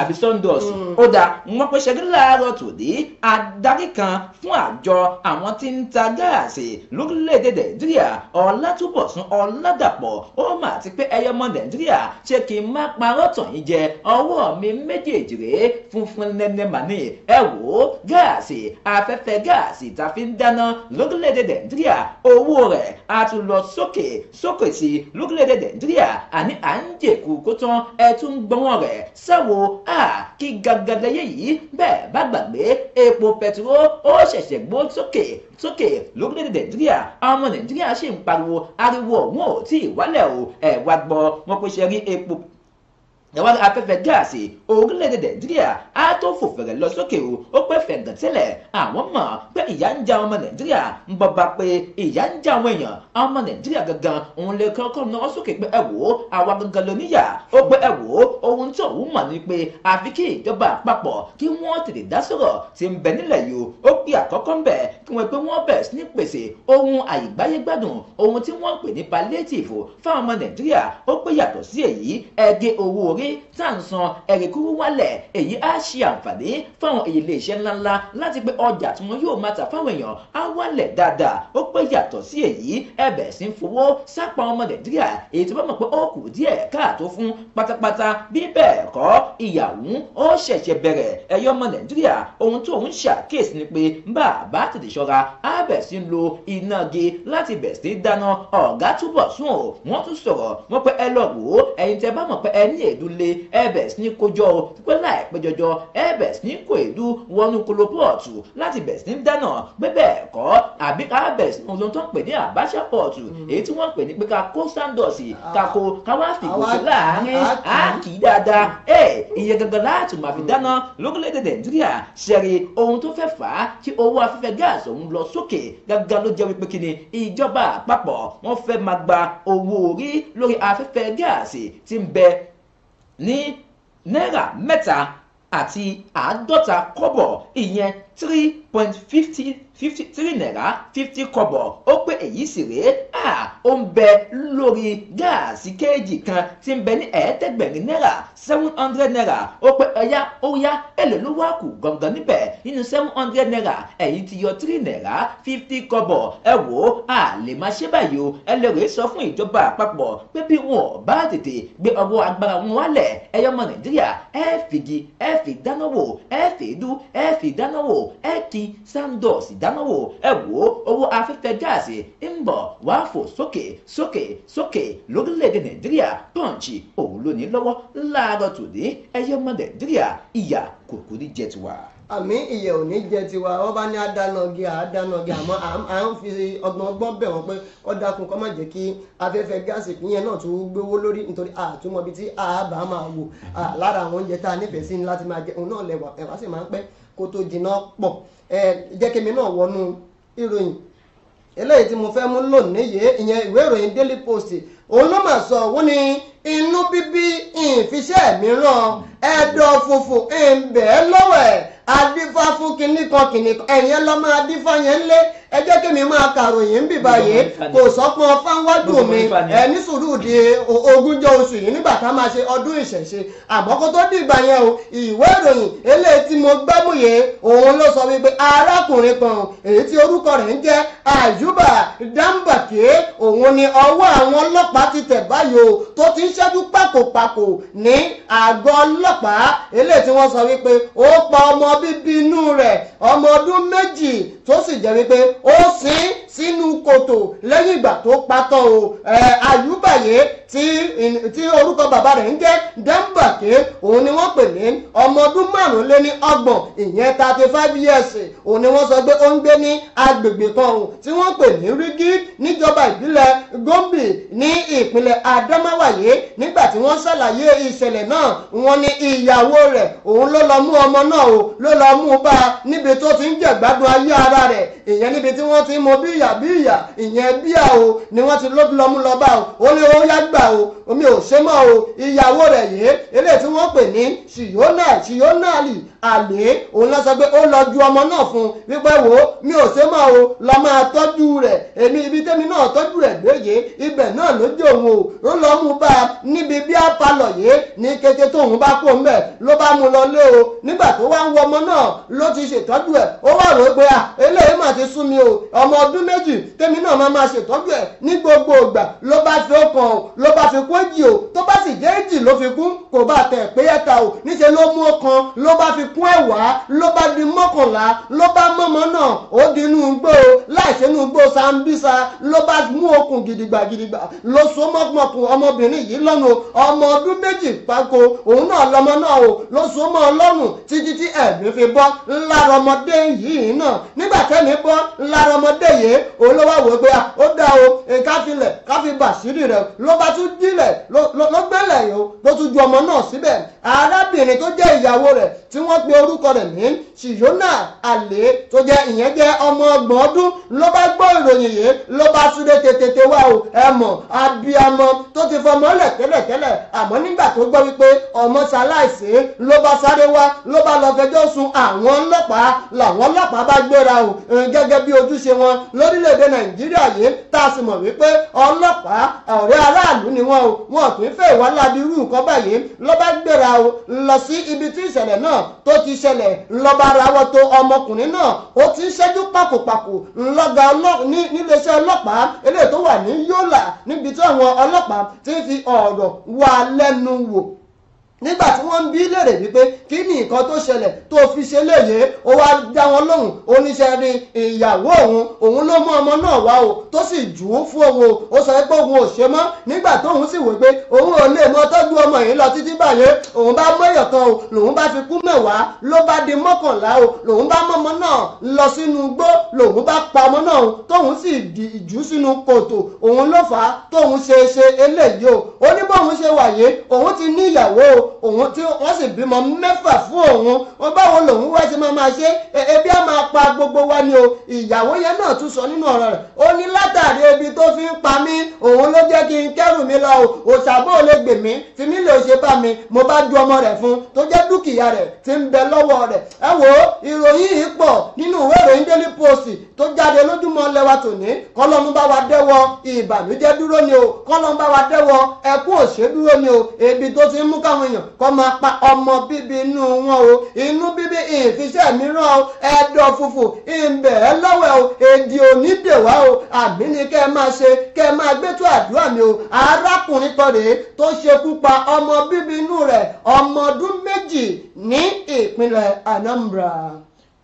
àbí sundos hmm. ó dà wọ́n pe ṣẹ́gírí láàárọ̀ tòní adarí kan fún àjọ àwọn tí ń ta gáàsì lórílẹ̀‐èdè nàìjíríà ọlátúbọ̀sún ọládàpọ̀ ó mà ti pé ẹyẹ ọmọ nàìjíríà ṣé kí n má parọ́ tàn yín jẹ ọwọ́ mi méjèèjì rèé funfun nẹ́nẹ́ màní ẹ wò ó gáàsì afẹ́fẹ́ gáàsì tá a fi ń dáná lórílẹ̀‐èdè nàìjíríà owó rẹ̀ a tún lọ sókè sókè sí lórílẹ̀‐èdè nàìjíríà àní à ń jèkù kó tán ẹ tún gbọ́wọ́n rẹ̀ sáwo à kí gàgàdàyé yìí bẹ́ẹ̀ bá gbàgbé epo pẹtiró ó ṣẹ̀ṣẹ̀ gbó sókè sókè lórílẹ̀ nàìjíríà ọmọ nàìjíríà ṣì ń pariwo ariwo òun ò tí ì wálẹ̀ o ẹ̀ wá gbọ́ wọn pèsè rí epo ìwádìí afẹ́fẹ́ gáàsì orílẹ̀-èdè nàìjíríà á tó fòfèrè lọ sókè o ó pẹ́ fẹ̀gàntẹ́lẹ̀ àwọn mọ̀ pé ìyà ń ja ọmọ nàìjíríà ń bọba pé ìyà ń ja àwọn èèyàn ọmọ nàìjíríà gangan òun lè kọ́kọ́ náà sókè pé ẹ wò ó àwa gangan ló níyà ó pé ẹ wò ó ohun tí òun mọ̀ ni pé àfi kí ìjọba àpapọ̀ kí wọ́n tètè dá sọ̀rọ̀ tí ń bẹ nílẹ̀ yìí orí tá à ń san ẹ̀rì kúrú wálẹ̀ èyí á ṣe àǹfààní fáwọn iléeṣẹ́ ńláńlá láti pé ọjà tí wọn yóò máa tà fáwọn èèyàn á wálẹ̀ dáadáa ó pé yàtọ̀ sí èyí ẹ̀bẹ̀ sí ń fowó sápá ọmọ nàìjíríà èyí tó bá mọ̀ pé ó kù díẹ̀ káàtó fún pátápátá bí bẹ́ẹ̀ kọ́ ìyàwó ó ṣẹ̀ṣẹ̀ bẹ̀rẹ̀ ẹ̀yọ́ ọmọ nàìjíríà ohun tó ń ṣàkíyèsí ni pé bàbá tètè ṣọ́ra á bẹ̀ sí ń lo iná ge láti bẹ̀ sí dáná ọ̀gá túbọ̀ sùn ò wọ́n tún sọ̀rọ̀ wọ́n pé ẹ lọ wò ó ẹ̀yin tẹ bá mọ̀ pé ẹ ní èdú ilé ẹ̀bẹ̀ sí ní kójọ o pé láìpẹ́ jọjọ ẹ̀bẹ̀ sí ní kó èédú wọnú kolopọ́ọ̀tù láti bẹ̀ sí ní dáná pé bẹ́ẹ̀ kọ́ àbí ká bẹ̀ sí ohun tó ń pè ní àbáṣà pọ́ọ̀tù mm. èyí tí wọ́n pè ní pé ká kó sándọ̀sì ah. ká kó ká wá fìgò sí láàárín àkì dáadáa ẹ̀ ìyẹn gangan láti máa fi mm. dáná lórílẹ̀ nàìjíríà ṣẹ̀rí ohun tó fẹ́ fà á kí owó afẹ́fẹ́ gáàsì òun lọ sókè gangan ló jẹ́ wípé kíni ìjọba àpapọ̀ wọ́n fẹ́ máa gba owó orí lórí afẹ́fẹ́ gáàsì tí ń bẹ ní náírà mẹ́ta àti àádọ́ta kọ́bọ̀ ìyẹn three point fifty fifty three naira fifty kobo. ó pé èyí sì rèé ó ń bẹ lórí gáàsì kéèjì kan tí ń bẹ ní ẹ̀ẹ́dẹ́gbẹ̀rin náírà seven hundred naira ó pé ẹ̀yà ó yá èlò ló wá kù gangan níbẹ̀ nínú seven hundred naira èyí ti yọ three naira fifty kobo. ẹ wò ó a lè máa ṣe báyìí o ẹ lè rèé sọ fún ìjọba àpapọ̀ pé bí wọn ò bá tètè gbé ọwọ́ agbára wọn wálẹ̀ ẹ̀yọ́ ọmọ nàìjíríà ẹ fìdí ẹ fìdánáwó ẹ fìdú ẹ fìdánáwó ẹ ti Sandoz ìdánáwò ẹ wò ó owó afẹ́fẹ́ gáàsì ń bọ̀ wá fò sókè sókè sókè lórílẹ̀‐èdè nàìjíríà pọ́ǹchì òun ló ní lọ́wọ́ láàárọ̀ tòní ẹyẹ ọmọ nàìjíríà ìyà kòkó ní jẹ tiwa. àmì ìyẹ̀ ò ní jẹ tiwa wọ́n bá ní adánagi àádánagi àmọ́ à ń fi ọgbọ́n ọgbọ́n bẹ̀ wọ́n pé kọ́ dákun kọ́ má jẹ́ kí afẹ́fẹ́ gáàsì ìpínyẹn náà tún gbówó lórí nítorí àtúmọ̀ bíi tí àábà máa wò lára àwọn oúnjẹ tá a nífẹ̀ẹ́ sí ni láti máa jẹ òun náà lẹ́wà ẹ̀wà sì máa ń pẹ́ kó tó jiná pọ̀ ẹ jẹ́ kí mi náà wọnú ìròyìn eléyìí tí mo fẹ́ mú lónìí yìí ìyẹn ìwé ìròyìn Daily Post òun ló mà sọ òun ni inú bíbí ìfiṣẹ́ mi ẹ̀dọ̀ fòfò ẹ̀ǹbẹ̀ lọ́wọ́ ẹ̀ adífá fún kinní kan kinní kan ẹ̀yẹn lọ́mọ adífá yẹn ń lé ẹ jẹ́ kí mi máa kàròyìn ń bìbà yìí kò sọ́pọn fáwájú mi ẹ ní sùúrù di ogúnjọ́ oṣù yìí nígbà tá a máa ṣe ọdún ìṣẹ̀ṣe àmọ́ kó tó dìgbà yẹn o ìwé ìròyìn eléyìí tí mo gbẹ́mú yìí òun ló sọ wípé arákùnrin kan èyí tí orúkọ rẹ̀ ń jẹ́ àyùbá dambake òun ni ọwọ́ àwọn ọlọ́pàá ti tẹ̀ báyìí o tó ti ń ṣẹ́jú pàkópàkó ní àgọ́ ọlọ́pàá eléyìí tí wọ́n sọ wípé ó pa ọmọ bíbí inú rẹ̀ ọmọ ọdún méjì tó sì jẹ́ wípé ó sin sínú kòtò lẹ́yìn ìgbà tó patọ́ o àyùbáyé tí orúkọ bàbá rẹ̀ ń jẹ́ dẹ́mbàké òun ni wọ́n pè ní ọmọ ọdún márùn-ún lé ní ọgbọ̀n ìyẹn thirty five years òun ni wọ́n sọ pé ó ń gbé ní agbègbè kan òun tí wọ́n pè ní rígí níjọba ìbílẹ̀ gombe ní ìpínlẹ̀ adamawaye nígbà tí wọ́n ṣàlàyé ìṣẹ̀lẹ̀ náà wọ́n ní ìyàwó rẹ̀ òun ló lọ mú ọmọ náà o ló lọ mú un bá níbi tó ti ń jẹ̀gbádùn ayé ara rẹ̀ ìyẹn níbi tí wọ́n ti mọ bíyà bíyà ìyẹn bíyà o ni wọ́n ti lọ́mú lọ́ba o ó ní ó gbà Síríà o omi ò ṣe mọ́ o ìyàwó rẹ̀ yìí eléyìí tí wọ́n pè ní ṣìyónà ṣìyónàlì àlè òun lọ sọ pé ó lọ ju ọmọ náà fún un wípé wo mi ò ṣe máa o lọ máa tọ́jú rẹ̀ èmi ibi tẹ́mi náà tọ́jú rẹ̀ lóye ibẹ̀ náà ló jẹ́ òun o ó lọ mú bá a níbi bí a palọ̀ yìí ní kété tóun bá kó mbẹ̀ ló bá mú lọ lé o nígbà tó wá ń wọ ọmọ náà ló ti ṣètọ́jú ẹ̀ ó wà rò pé a eléyìí mà ti sún mi o ọmọ ọdún méjì tẹ́mi náà máa máa ṣètọ́jú ẹ̀ ní gbogbo ìgbà ló bá fi ó kan o ló bá fi kó jì o tó bá sì jẹ́ èjì ló fi kú kò bá tẹ̀ pé ẹ̀ta o níṣẹ́ ló mú ó kan ló bá fi kún ẹ̀wá ló bá di mọ́kànlá ló bá mọ́mọ́ náà ó di inú igbó láìsí inú igbó sambisa ló bá mú okùn gidigba gidigba ló so mọ́kùnmọ́kùn ọmọbìnrin yìí lọ́nu ọmọ ọdún méjì pako òun náà lọmọ náà o ló so mọ́ ọlọ́run títí tí ẹ̀mí fi bọ́ lára ọmọdé yìí náà nígbà tẹ́mi bọ́ lára ọmọdé yìí òun ló wá wò pé ó dá o ká filẹ̀ ká fi bàṣírí rẹ̀ ló bá tún dílẹ̀ ló gbẹ́lẹ̀ yìí ó tó tún ju ọmọ náà síbẹ̀ arábìnrin tó jẹ́ ìyàwó rẹ̀ tí wọ́n pe orúkọ rẹ̀ ní ṣìyónà àlè tó jẹ́ ìyẹn jẹ́ ọmọ ọgbọ̀n ọdún ló bá gbọ́ ìròyìn yìí ló bá súré tètè wá o ẹ mọ̀ abiyamọ tó ti fọmọ lẹ̀ tẹ́lẹ̀tẹ́lẹ̀ àmọ́ nígbà tó gbọ́ wípé ọmọ ṣaláìsí ló bá sáré wá ló bá lọ fẹjọ́ sùn àwọn ọlọ́pàá làwọn ọlọ́pàá bá gbéra o gẹ́gẹ́ bí ojúṣe wọn lórílẹ̀‐èdè nàìjíríà yìí tá a sì mọ̀ wípé ọlọ́pàá ọ̀rẹ́ aráàlú ni wọn o wọn kì í fẹ́ ìwà ládìrú nǹkan báyìí ló bá gbéra o lọ sí ibi tí ìṣẹ̀lẹ̀ náà tó tó ti ṣẹlẹ̀ ńlọba ara wọn tó ọmọkùnrin náà ó ti ń ṣẹ́jú pàkòpàkò ńlọ́gà níléeṣẹ́ ọlọ́pàá eléyìí tó wà ní Yólà níbi tí àwọn ọlọ́pàá ti ń fi ọ̀rọ̀ wà lẹ́nu wò nígbà tí wọ́n ń bí léèrè wípé kí ni nǹkan tó ṣẹlẹ̀ tó fi ṣe léyè ó wá dá wọn lóhùn oníṣẹ́ rí ìyàwó òun òun ló mú ọmọ náà wá o tó sì jù ú fún òun ó sọ pé òun ò ṣe mọ́ nígbà tóun sì wò pé òun ò lè mọ tọ́jú ọmọ yìí lọ títí báyé òun bá mú èèyàn kan o lòun bá fi kú mẹ́wàá ló bá di mọ́kànlá o lòun bá mọ́mọ náà lọ sínú igbó lòun bá pa ọmọ náà tóun sì di ìjú sínú kòtò òun ló fà á tóun ṣe ṣe eléyìí o ó ní bóun ṣe wà yìí òun ti ní ìyàwó o òun tí wọ́n sì bímọ mẹ́fà fún òun wọn báwo lòun wá ṣe máa máa ṣe ebi á máa pa gbogbo wa ni o ìyàwó yẹn náà tún sọ nínú ọ̀rọ̀ rẹ̀ ó ní látàrí ebi tó fi ń pa mí òun ló jẹ́ kí n kẹ́rù mi lọ o òṣàbò lè gbè mí fi mí lè ṣe bá mi mo bá ju ọmọ rẹ̀ fún tó jẹ́ dúkìá rẹ̀ ti ń bẹ lọ́wọ́ rẹ̀ ẹ wo ìròyìn yìí pọ̀ nínú ìwé ìròyìn daily post tó jáde lójúmọ́ lẹ́wà tòní kọ́lọ́mù bá wa dẹ́wọ́ ìbànújẹ́ dúró ni o kọ́lọ́mù bá wa dẹ́wọ́ ẹkún òṣèdúró ni o ebi tó ti ń mú káwọn èèyàn kọ́ máa pa ọmọ bíbí inú wọn o inú bíbí ìfiṣẹ́ mìíràn o ẹ̀dọ̀ fùfù ìbẹ̀ ẹ́ lọ́wọ́ o èdè onídèwà o àmì ni kẹ́ ẹ máa ṣe kẹ́ ẹ máa gbé tó àdúrà mi o arákùnrin kan rèé tó ṣekú pa ọmọ bíbí inú rẹ̀ ọmọ ọdún méjì ní ìpínlẹ̀ Anambra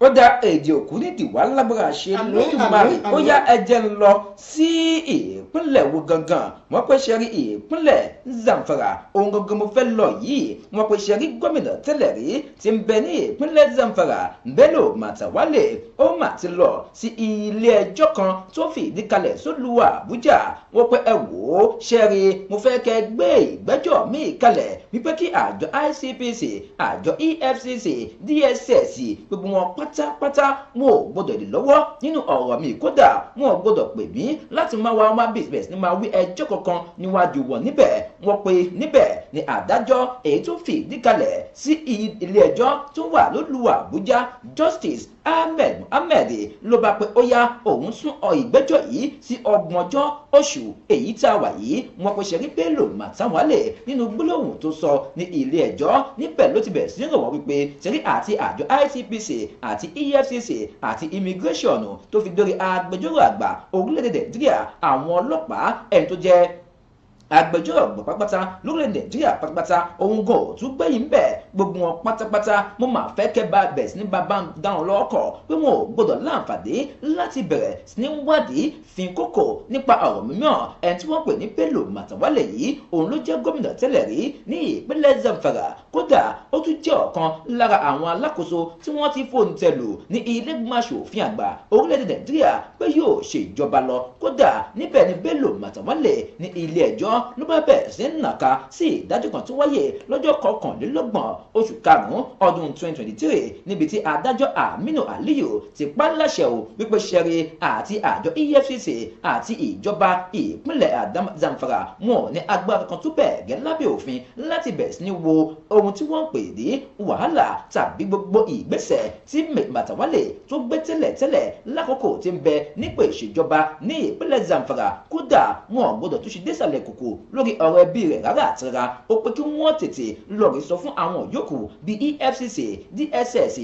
ó dá èdè òkú nídìí wá lágbára ṣe lódùmarè ó yá ẹjẹ ń lọ sí ìhè ìpínlẹ̀ wo gangan wọ́n pé ṣe rí ìpínlẹ̀ Zamfara ohun gangan mo fẹ́ lọ yìí wọ́n pé ṣe rí gómìnà tẹ́lẹ̀ rí ti ń bẹ ní ìpínlẹ̀ Zamfara Bello Matawalle ó mà ti lọ sí ilé ẹjọ́ kan tó fìdí kalẹ̀ sólùwà Àbújá wọ́n pé ẹ wò ó ṣe rí mo fẹ́ kẹ́ gbé ìgbẹ́jọ́ mi kalẹ̀ wípé kí àjọ ICPC àjọ EFCC DSS gbogbo wọn pátápátá wọn ò gbọdọ̀ lè lọ́wọ́ nínú ọ̀rọ̀ mi kódà wọn ò gbọdọ̀ pè mí láti máa wá wá b bẹ̀rẹ̀ sí máa wí ẹjọ́ kankan níwájú wọn níbẹ̀ wọ́n pe níbẹ̀ ni àdájọ́ èyí tó fìdí kalẹ̀ sí ilé ẹjọ́ tó wà lólùwà Àbújá Justice ahmed muhammed ló bá pé ó yá òun sún ìgbẹ́jọ́ yìí sí ọgbọ̀njọ́ oṣù èyí tá a wà yìí wọn kò ṣe rí bẹ́ẹ̀lò màtáwálẹ̀ nínú gbólóhùn tó sọ ní ilé ẹjọ́ níbẹ̀ ló ti bẹ̀rẹ̀ sí rò wọ́n wípé sẹ́rí àti àjọ ICPC àti EFCC àti immigration tó fi dórí agbẹjọ́rò àgbà orílẹ̀-èdè nàìjíríà àwọn ọlọ́pàá ẹni tó jẹ́ agbẹjọ́rò gbọ́ pátápátá lórílẹ̀ nàìjíríà pátápátá ohun gan òtún gbẹ̀yìn bẹ́ẹ̀ gbogbo wọn pátápátá mo máa fẹ́ kẹ́ bá bẹ̀ sí ní bàbá ń dáhùn lọ́kọ̀ pé wọn ò gbọdọ̀ láǹfààní láti bẹ̀rẹ̀ sí ní wádìí fin kókò nípa ọ̀rọ̀ mímọ́ ẹni tí wọ́n pè ní Bello Matawalle yìí òun ló jẹ́ gómìnà tẹ́lẹ̀ rí ní ìpínlẹ̀ Zamfara kódà ó tún jẹ́ ọ̀kan lára àwọn alákòóso tí wọ́n ti fòǹtẹ̀ lù ní ilé ìgbìmọ̀ àgbà orílẹ̀ ni Bello tán ló bá bẹ̀rẹ̀ sí nàka sí ìdájọ́ kan tó wáyé lọ́jọ́ kọkànlélọ́gbọ̀n oṣù karùn-ún ọdún 2023 níbi tí adájọ́ Aminu Aliyu ti pa láṣẹ o wípé ṣẹ̀rí àti àjọ EFCC àti ìjọba ìpínlẹ̀ Zamfara wọn ò ní agbára kan tó bẹ́ẹ̀ gẹ́ lábẹ́ òfin láti bẹ̀rẹ̀ sí ní wo ohun tí wọ́n ń pè ní wàhálà tàbí gbogbo ìgbésẹ̀ tí Matawalle tó gbé tẹ́lẹ̀tẹ́lẹ̀ lákòókò tí ń bẹ nípò ìṣèjọba ní ìpínlẹ̀ Zamfara kódà wọn ò gbọdọ̀ tún ṣe désàlẹ̀ kòkò wò lórí ọ̀rọ̀ ẹbí rẹ̀ rárá àtira ó pé kí wọ́n tètè lọ́ọ̀rì sọ fún àwọn yòókù bí EFCC DSS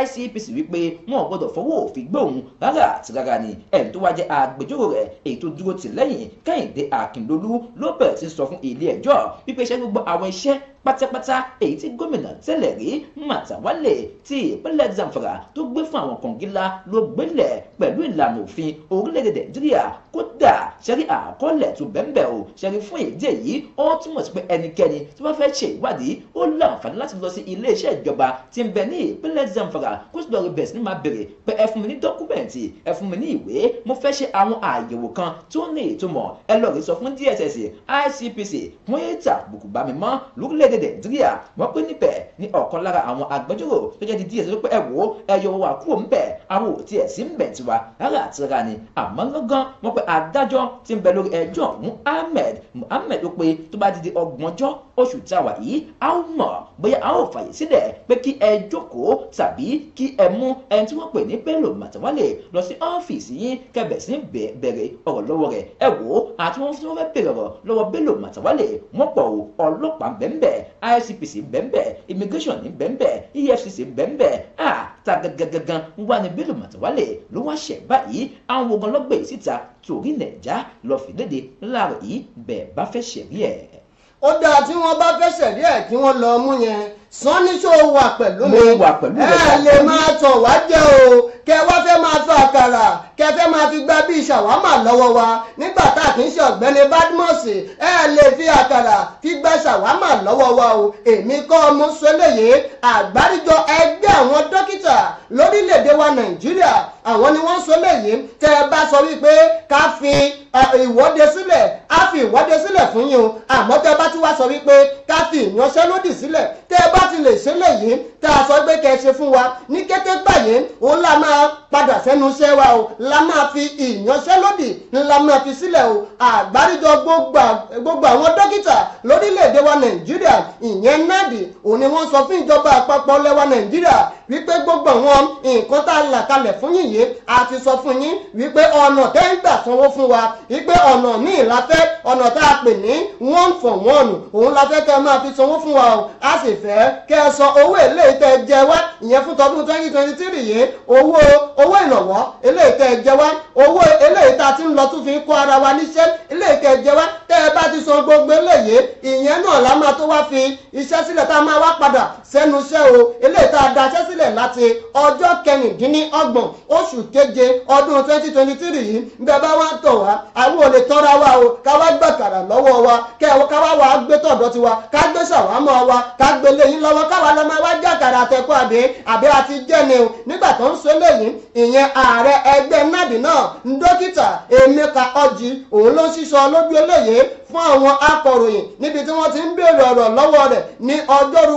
ICPC wípé wọn ò gbọdọ̀ fọwọ́ òfin gbé òun rárá àtira ni ẹni tó wá jẹ́ agbẹjọ́rò rẹ̀ èyí tó dúró tì lẹ́yìn Kẹ́hìndé Akíndolú ló bẹ̀rẹ̀ sí sọ fún ilé ẹjọ́ wípé iṣẹ́ gbogbo àwọn iṣẹ́ pátápátá èyí tí gómìnà tẹ́lẹ̀ rí Matawalle ti ìpínlẹ̀ Zamfara tó gbé fún àwọn kọ̀ǹgílá ló gbélẹ̀ pẹ̀lú ìlànà òfin orílẹ̀-èdè Nàìjíríà kódà ṣẹ́rí àkọọ́lẹ̀ tó bẹ́ẹ̀ o ṣẹ́rí fún èdè èyí ó túmọ̀ sí pé ẹnikẹ́ni tó bá fẹ́ ṣe ìwádìí ó láǹfààní láti lọ sí iléeṣẹ́ ìjọba tí ń bẹ ní ìpínlẹ̀ Zamfara kó sì lọ rí bẹ̀sí ní máa béèrè pé ẹ fún mi ní dọ́kúmẹ̀ntì ẹ fún mi ní ìwé mo fẹ́ ṣe àwọn àyẹ̀wò kan tó ní ìtumọ̀ ẹ lọ sọ fún DSS ICPC wọ́n yé tàbùkù bá mi mọ́ lórílẹ̀ orílẹ̀-èdè wọ́n pé níbẹ̀ ni ọ̀kan lára àwọn agbẹjọ́rò tó jẹ́ di díẹ̀ tó pé ẹ̀wò ẹ̀yọ wà kúrò ńbẹ̀ àwọn òtí ẹ̀ sí ńbẹ̀ tiwa rárá àti rárá ni àmọ́ gángan wọ́n pé adájọ́ ti ń bẹ lórí ẹjọ́ muhammed muhammed ló pé tó bá di di ọgbọ̀njọ́ oṣù tí a wà yìí a ó mọ̀ bóyá a ó fàyè sílẹ̀ pé kí ẹ jókòó tàbí kí ẹ mú ẹni tí wọ́n pè ní bello matawalle lọ sí ọ́fíìsì yín kẹbẹ̀ sí bẹ̀rẹ̀ ọ̀rọ̀ lọ́wọ́ rẹ̀ ẹ wò ó àti wọ́n fẹ́ bẹ̀rẹ̀ ọ̀rọ̀ lọ́wọ́ bello matawalle wọ́n pọ̀ ọlọ́pàá bẹ́ẹ̀ ICPC bẹ́ẹ̀nbẹ́ immigration ní bẹ́ẹ̀nbẹ́ EFCC bẹ́ẹ̀nbẹ́ ah ta gangan wà ní Bello Matawalle ló wá ṣẹ̀ báyìí àwọn ogun lọ́gbẹ̀ síta torí nàìjà lọ́ọ́ fìdédé láàrọ̀ yìí bẹ́ẹ̀ bá fẹ́ ṣẹ̀rí ẹ̀. ó dáa tí wọ́n bá fẹ́ ṣẹ̀rí ẹ̀ kí wọ́n lọ mú yẹn sanniṣó wà pẹ̀lú mi mo wà pẹ̀lú rẹ ẹ lè máa tàn wá jẹ o kẹ wá fẹ́ máa fa àkàrà kẹ fẹ́ máa fi gbá bíi ṣàwámà lọ́wọ́ wa nígbà tá a kì í ṣe ọ̀gbẹ́ni Badmus ẹ lè fi àkàrà fi gbá ṣàwámà lọ́wọ́ wa o èmi kọ́ ọmọ sọlẹ́yẹ àgbáríjọ ẹgbẹ́ àwọn dókítà lórílẹ̀‐èdè wa Nàìjíríà àwọn ni wọ́n sọlẹ́yẹ tẹ́ ẹ bá sọ wípé ká fi ìwọ́de sílẹ̀ á fi ìwọ́de sílẹ̀ fún yín o àmọ́ tẹ́ ẹ bá tún wá sọ wípé ká fi ìyanṣẹ́lódì sílẹ̀ tẹ́ ẹ bá bá ti lè ṣe léyìí tá a sọ pé kẹ́ ẹ ṣe fún wa ní kété báyìí òun la máa padà sẹ́nu iṣẹ́ wa o la máa fi ìyanṣẹ́lódì la máa fi sílẹ̀ o àgbáríjọ gbogbo àwọn dókítà lórílẹ̀‐èdè wa nàìjíríà ìyẹn nadi òun ni wọ́n sọ fún ìjọba àpapọ̀ lẹ́wà nàìjíríà wípé gbogbo àwọn nǹkan tá a là kalẹ̀ fún yìnyín àti sọ fún yín wípé ọ̀nà tẹ́ ń gbà sanwó fún wa wípé ọ̀nà míì la fẹ́ ọ̀nà tá a pè ní one for one òun la fẹ́ kẹ́ ẹ máa fi sanwó fún wa o a sì fẹ́ kẹ́ ẹ san owó èlé tẹ́ jẹ wá ìyẹn fún tọdún twenty twenty three yìí owó owó ìrànwọ́ èlé tẹ́ jẹ wá owó èlé tá a ti ń lọ tún fi kọ́ ara wa níṣẹ́ èlé tẹ́ jẹ wá tẹ́ ẹ bá ti san gbogbo eléyìí ìyẹn náà la máa tó wá fi iṣẹ́ sílẹ̀ tá a máa wá padà sẹ́nu ile o eléyìí tá a daṣẹ́ sílẹ̀ láti ọjọ́ kẹrìndínlọ́gbọ̀n keje ọdún 2023 yi three yìí bẹ́ẹ̀ bá wá tọ̀ wá àwọn wa o ká wá gbàkàrà lọ́wọ́ wa ká wá wà gbé tọ̀dọ̀ tiwa ká gbé ṣàwámọ́ wa ká gbé léyìn lọ́wọ́ káwa lọ́mọ wá jàkàrà àtẹ̀kọ́ àbí àbí àti jẹ́ni o nígbà tó ń ṣe léyìn ìyẹn ààrẹ ẹgbẹ́ nàbì náà ń dókítà Emeka Orji òun ló ṣiṣọ lójú eléyìí fún àwọn ti ń béèrè ọ̀rọ̀ lọ́wọ́ rẹ̀ ní ọjọ́rú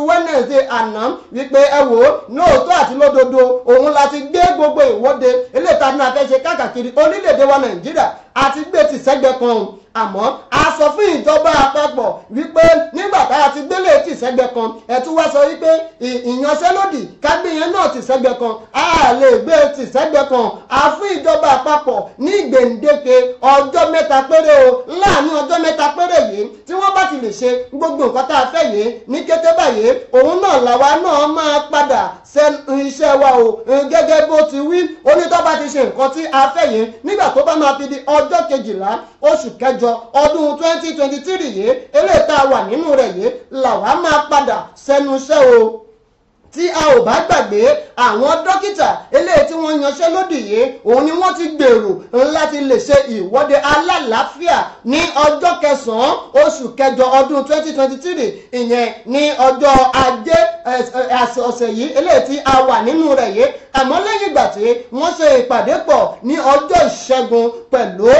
àná wípé ẹ wò ó lóòótọ́ àti lódodo òun la ti gbé gbogbo ìwọ́de eléyìí tá a ní afẹ́ ṣe káàkiri orílẹ̀-èdè wa nàìjíríà àti gbé ti sẹ́gbẹ̀ẹ́ kan àmọ́ a sọ fún ìjọba àpapọ̀ wípé nígbà tá a ti gbélé tì sẹ́gbẹ́ kan ẹ̀ tún wá sọ wípé ìyanṣẹ́lódì kágbéyẹn náà tì sẹ́gbẹ́ kan a lè gbé tì sẹ́gbẹ́ kan a fún ìjọba àpapọ̀ ní gbèǹdéke ọjọ́ mẹ́ta péré o láàánú ọjọ́ mẹ́ta péré yìí tí wọ́n bá ti lè ṣe gbogbo nǹkan tá a fẹ́ yìí ní kété báyìí òun náà làwa náà máa padà sẹ́nu iṣẹ́ wa o gẹ́gẹ́ bó ti wí onítọ́ bá ti ṣe nǹkan tí a fẹ́ yìí nígbà tó bá máa fi di ọjọ́ kejìlá oṣù kẹjọ ọdún twenty twenty three yìí eléyìí tá a wà nínú rẹ̀ yìí làwa máa padà sẹ́nu iṣẹ́ o tí a ò bá gbàgbé àwọn dókítà eléyìí tí wọ́n yanṣẹ́ lódì yìí òun ni wọ́n ti gbèrò láti lè ṣe ìwọ́de alálàáfíà ní ọjọ́ kẹsàn-án oṣù kẹjọ ọdún 2023 ìyẹn ní ọjọ́ ajé ọ̀sẹ̀ yìí eléyìí tí a wà nínú rẹ̀ yìí àmọ́ lẹ́yìn ìgbà tí wọ́n ṣe ìpàdé pọ̀ ní ọjọ́ ìṣẹ́gun pẹ̀lú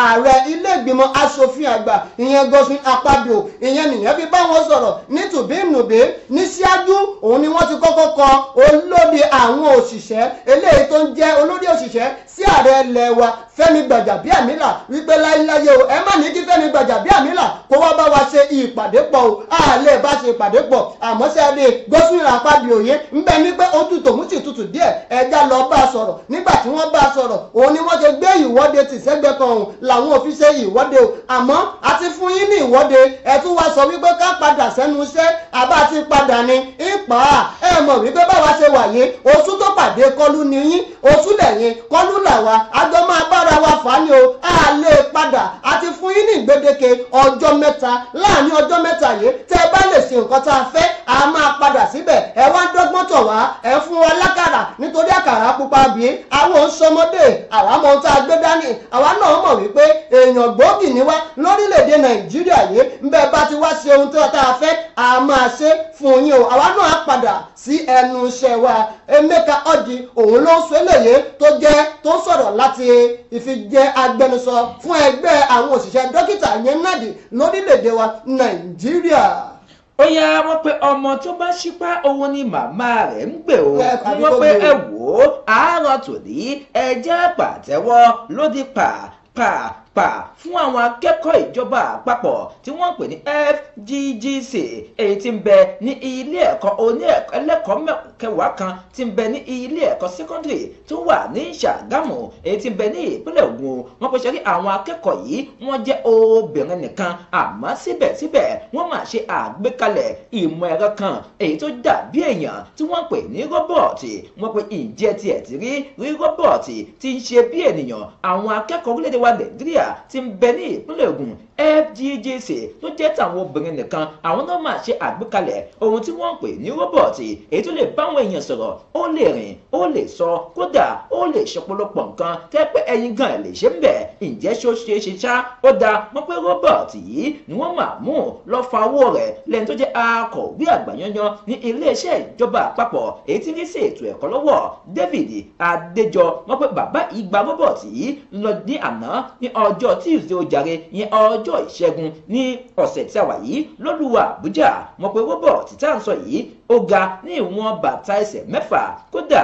ààrẹ ilé ìgbìmọ̀ asòfin àgbà ìyẹn Godwin Akpabio ìyẹn nìyẹn fi bá wọn sọ̀rọ̀ nítùbí nùbí ní síájú òun ni wọ́n ti kọ́kọ́ kọ olórí àwọn òṣìṣẹ́ eléyìí tó ń jẹ́ olórí òṣìṣẹ́ sí ààrẹ ilẹ̀ wa Fẹ́mi Gbàjàbíàmílà wípé láyéláyé o ẹ má ní kí Fẹ́mi Gbàjàbíàmílà kó wá bá wa ṣe ìpàdé pọ̀ o a lè bá ṣe ìpàdé pọ̀ àmọ́ sí adé Gómìnà Àpábí Òye ń bẹ ní pé ó tutù mú sì tutù díẹ̀ ẹja lọ bá a sọ̀rọ̀ nígbà tí wọ́n bá a sọ̀rọ̀ òun ni wọ́n ṣe gbé ìwọ́de tìṣẹ́gbẹ́ kan òun làwọn òfin ṣe ìwọ́de o àmọ́ a ti fún yín ní ìwọ́de ẹ tún wá sọ wípé ká padà sẹ́nu iṣẹ́ àbá ti padà ní ìpàá ẹ mọ̀ wípé báwa ṣe wà yìí oṣù tó pàdé kọlù ni yín oṣù lẹ́yìn kọlù làwa àjọ máa bára wa fà á ni o a lè padà àti fún yín ní gbèdéke ọjọ́ mẹ́ta láàrin ọjọ́ mẹ́ta yìí tẹ́ ẹ bá lè ṣe nǹkan tá a fẹ́ a máa padà síbẹ̀ ẹ wá dọ́gbọ́n tọ̀ wá ẹ fún wa lákàrà nítorí àkàrà pupa bí àwọn sọmọdé àwa mọ ohun tá a gbé dání àwa náà mọ̀ wípé èèyàn gbòógì ni wá lórílẹ̀‐èdè nàìjíríà yìí ń bẹ́ẹ̀ bá ti wá ṣe ohun tó tá a fẹ́ a máa ṣe fún yín o àwa náà padà sí ẹnu iṣẹ́ wa Emeka Orji òun ló ń sọ eléyìí tó jẹ́ tó ń sọ̀rọ̀ láti ìfijẹ́ agbẹnusọ fún ẹgbẹ́ àwọn òṣìṣẹ́ dókítà yẹn nàdì lórílẹ̀‐èdè wa Nàìjíríà ó yá wọ́n pé ọmọ tó bá ṣípá òun ni màmá rẹ̀ ń gbè ó wọ́n pé ẹ wò ó àárọ̀ tòní ẹjẹ́ pàtẹ́wọ́ ló di pa pa pa fún àwọn akẹ́kọ̀ọ́ ìjọba àpapọ̀ tí wọ́n ń pè ní FGGC èyí tí ń bẹ ní ilé ẹ̀kọ́ oní ẹlẹ́kọ̀ọ́ mẹ́kẹwàá kan tí ń bẹ ní ilé ẹ̀kọ́ secondary tó wà ní Ṣàgámù èyí tí ń bẹ ní ìpínlẹ̀ Ògùn wọ́n pèsè rí àwọn akẹ́kọ̀ọ́ yìí wọ́n jẹ́ obìnrin nìkan àmọ́ síbẹ̀síbẹ̀ wọ́n máa ṣe àgbékalẹ̀ ìmọ̀ ẹ̀rọ kan èyí tó dàbí èèyàn tí wọ́n pè ní rọ́bọ̀tì wọ́n pe ìjẹ́ tiẹ̀ ti rí rí rọ́bọ̀tì tí ń ṣe bí ènìyàn àwọn akẹ́kọ̀ọ́ orílẹ̀-èdè wa Nàìjíríà tí ń bẹ ní ìpínlẹ̀ Ògùn FGGC tó jẹ́ tàwọn obìnrin nìkan àwọn náà máa ṣe àgbékalẹ̀ ohun tí wọ́n ń pè ní rọ́bọ̀tì èyí tó lè báwọn èèyàn sọ̀rọ̀ ó lè rìn ó lè sọ kódà ó lè ṣọ̀pọ̀lọpọ̀ nǹkan tẹ́ pé ẹ̀yin gan ẹ̀ lè ṣe ń bẹ̀ ǹjẹ́ ṣó ṣe é ṣe ṣá ó dáa mọ́ pé rọ́bọ̀tì yìí ni wọ́n máa mú lọ́ fa owó rẹ̀ lẹ́ni tó jẹ́ akọ̀wé àgbà yanyan ní iléeṣẹ́ ìjọba àpapọ̀ èyí tí ní sí ètò ẹ̀kọ́ lọ́wọ́ David Adéjọ mọ́ pé bàbá ìgbà rọ́bọ̀tì yìí lọ ní àná ní ọjọ́ Tuesday ó ní ọjọ́ ọjọ́ ìṣẹ́gun ní ọ̀sẹ̀ tí a wà yìí lọ́lùwà àbújá mọ̀ pé wọ́bọ̀ títà ń sọ yìí ó ga ní ìwọ̀n bàtà ẹsẹ̀ mẹ́fà kódà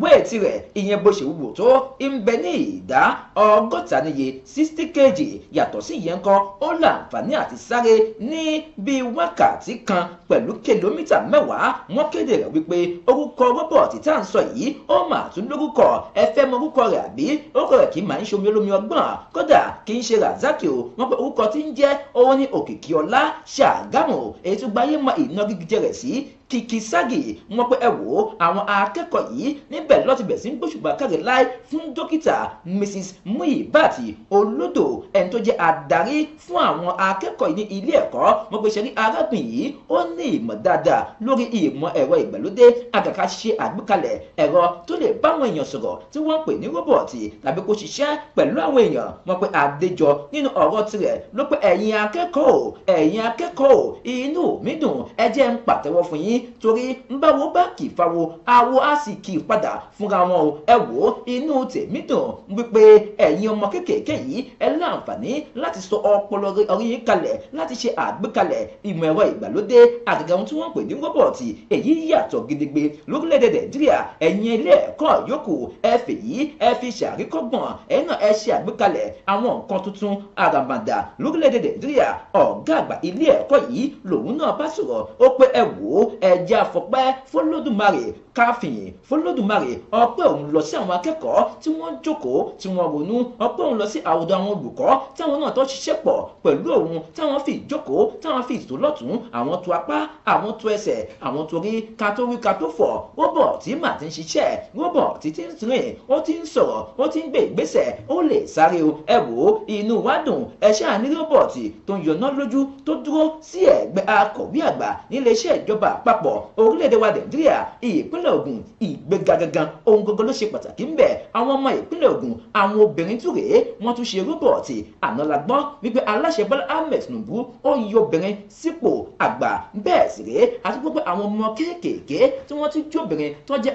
wéètì rẹ̀ ìyẹn bó ṣe wúwo tó ń bẹ ní ìdá ọgọ́ta níye sixty kg yàtọ̀ sí ìyẹn kan ó láǹfààní àti sáré ní bíi wákàtí kan pẹ̀lú kìlómítà mẹ́wàá wọ́n kéde rẹ̀ wípé orúkọ rọ́bọ̀tì tá à ń sọ yìí ó mà tún lórúkọ ẹ fẹ́ mọ orúkọ rẹ̀ àbí orúkọ rẹ̀ kì í máa ń ṣomi olómi ọgbọ́n kódà kì í ṣe razaki o wọ́n pe orúkọ tí ń jẹ́ òun ní òkìkí ọlá ṣàgámù èyí tó gbayé mọ ìnagijẹ rẹ̀ sí kìkìsági wọ́n pé ẹ wò ó àwọn akẹ́kọ̀ọ́ yìí níbẹ̀ lọ́ti bẹ̀ sí ń gbóṣùbà káre láì fún dókítà mrs muibati olódò ẹni tó jẹ́ adarí fún àwọn akẹ́kọ̀ọ́ yìí ní ilé ẹ̀kọ́ wọ́n pé ṣẹ́rí arákùnrin yìí ó ní ìmọ̀ dáadáa lórí ìmọ̀ ẹ̀rọ ìgbàlódé àgàkà ṣe àgbékalẹ̀ ẹ̀rọ tó lè báwọn èèyàn sọ̀rọ̀ tí wọ́n pè ní rọ́bọ̀tì tàbí kó ṣiṣẹ́ pẹ̀lú àwọn èèyàn wọ́n pé adéjọ nínú ọ̀rọ̀ tirẹ̀ ló pé ẹ̀yin akẹ́kọ̀ọ́ ẹ̀yin akẹ́kọ̀ọ́ yín torí ń báwo bá kì í fáwo àwo á sì kì í padà fúnra wọn o ẹ wò ó inú tèmi dùn wípé ẹ̀yin ọmọ kéékèèké yìí ẹ láǹfààní láti sọ ọpọlọ orí yín kalẹ̀ láti ṣe àgbékalẹ̀ ìmọ̀ ẹ̀rọ ìgbàlódé àgàgà ohun tí wọ́n ń pè ní rọ́bọ̀tì èyí yàtọ̀ gidigbe lórílẹ̀‐èdè nàìjíríà ẹ̀yin ilé ẹ̀kọ́ yòókù ẹ fèyí ẹ fi ṣàríkọ́gbọ̀n ẹ náà ẹ ṣe àgbékalẹ̀ àwọn nǹkan tuntun àràmàǹdà lórílẹ̀ nàìjíríà ọ̀gá àgbà ilé ẹ̀kọ́ yìí lòun náà bá sọ̀rọ̀ ó pé ẹ wò ó ẹ jẹ́ àfọpẹ́ fọlọ́dúnmarè káfíìn fọlọ́dúnmarè ọpẹ́ òun lọ sí àwọn akẹ́kọ̀ọ́ tí wọ́n jókòó tí wọ́n ronú ọpẹ́ òun lọ sí àwùjọ àwọn olùkọ́ táwọn náà tó ṣiṣẹ́ pọ̀ pẹ̀lú òun táwọn fi ìjókòó táwọn fi ìtòlọ́tún àwọn tó apá àwọn tó ẹsẹ̀ àwọn tó rí ká tó rí ká tó fọ̀ rọ́bọ̀ tí mà ti ń ṣiṣẹ́ rọ́bọ̀ tí ti ń rìn ó ti ń sọ̀rọ̀ ó ti ń gbé ìgbésẹ̀ ó lè sáré o ẹ wò ó inú wa dùn ẹ ṣáà rọ́bọ̀tì tó ń yọná lójú tó dúró sí ẹ̀gbẹ́ akọ̀wé àgbà níléeṣẹ́ ìjọba àpapọ̀ orílẹ̀-èdè wa Nàìjíríà ìpínlẹ̀ ìpínlẹ̀ Ògùn ìgbéga gangan ohun gangan ló ṣe pàtàkì ń bẹ̀ àwọn ọmọ ìpínlẹ̀ Ògùn àwọn obìnrin tún rèé wọ́n tún ṣe rúbọ̀tì àná la gbọ́n wípé aláṣẹ Bọ́lá Ahmed Tinubu ó yí obìnrin sípò àgbà bẹ́ẹ̀ sì rèé àti gbogbo àwọn ọmọ kéékèèké tí wọ́n ti jó obìnrin tó jẹ́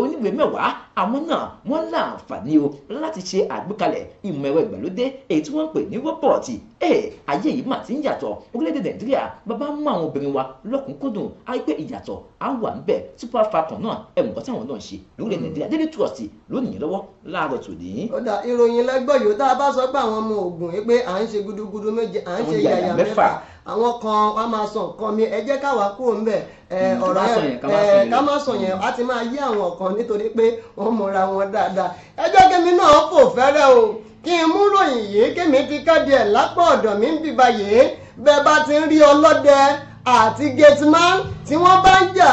oníwèé mẹ́wàá àwọn náà wọ́n láǹfààní o láti ṣe àgbékalẹ̀ ìmọ̀ ẹ̀rọ ìgbàlódé èyí tí wọ́n ń pè ní rúbọ̀tì ee eh, ayé yìí mà ti ń yàtọ̀ orílẹ̀-èdè nàìjíríà bàbá mú àwọn obìnrin wa lọ́kùnkúndùn àìpé ìyàtọ̀ á wà ńbẹ̀ super falcon náà ẹ̀wọ̀n kan táwọn náà ń ṣe lórílẹ̀-èdè hmm. nàìjíríà daily trust lónìí lọ́wọ́ láàárọ̀ tòní. ọ̀dà ìròyìn lẹ́gbọ́ yìí tá a bá sọ pé àwọn ọmọ ogun pé à ń ṣe gudugudu méje à ń ṣe yàyà mẹ́fà àwọn kan wọ́n máa sọ nǹkan mi ẹ jẹ́ káwa kúrò ńbẹ̀ hmm, ọ̀rọ̀ ẹ ká má sọ yẹn hmm. a ti máa yí àwọn kan nítorí pé wọ́n mọra wọn dáadáa ẹ kí mi náà fò fẹ́rẹ́ o kí n mú ròyìn yìí kémi ti kéde ẹ̀ lápò ọ̀dọ̀ mi ń bìbá yìí bẹ́ẹ̀ bá ti ń rí ọlọ́dẹ àti gateman tí wọ́n bá ń jà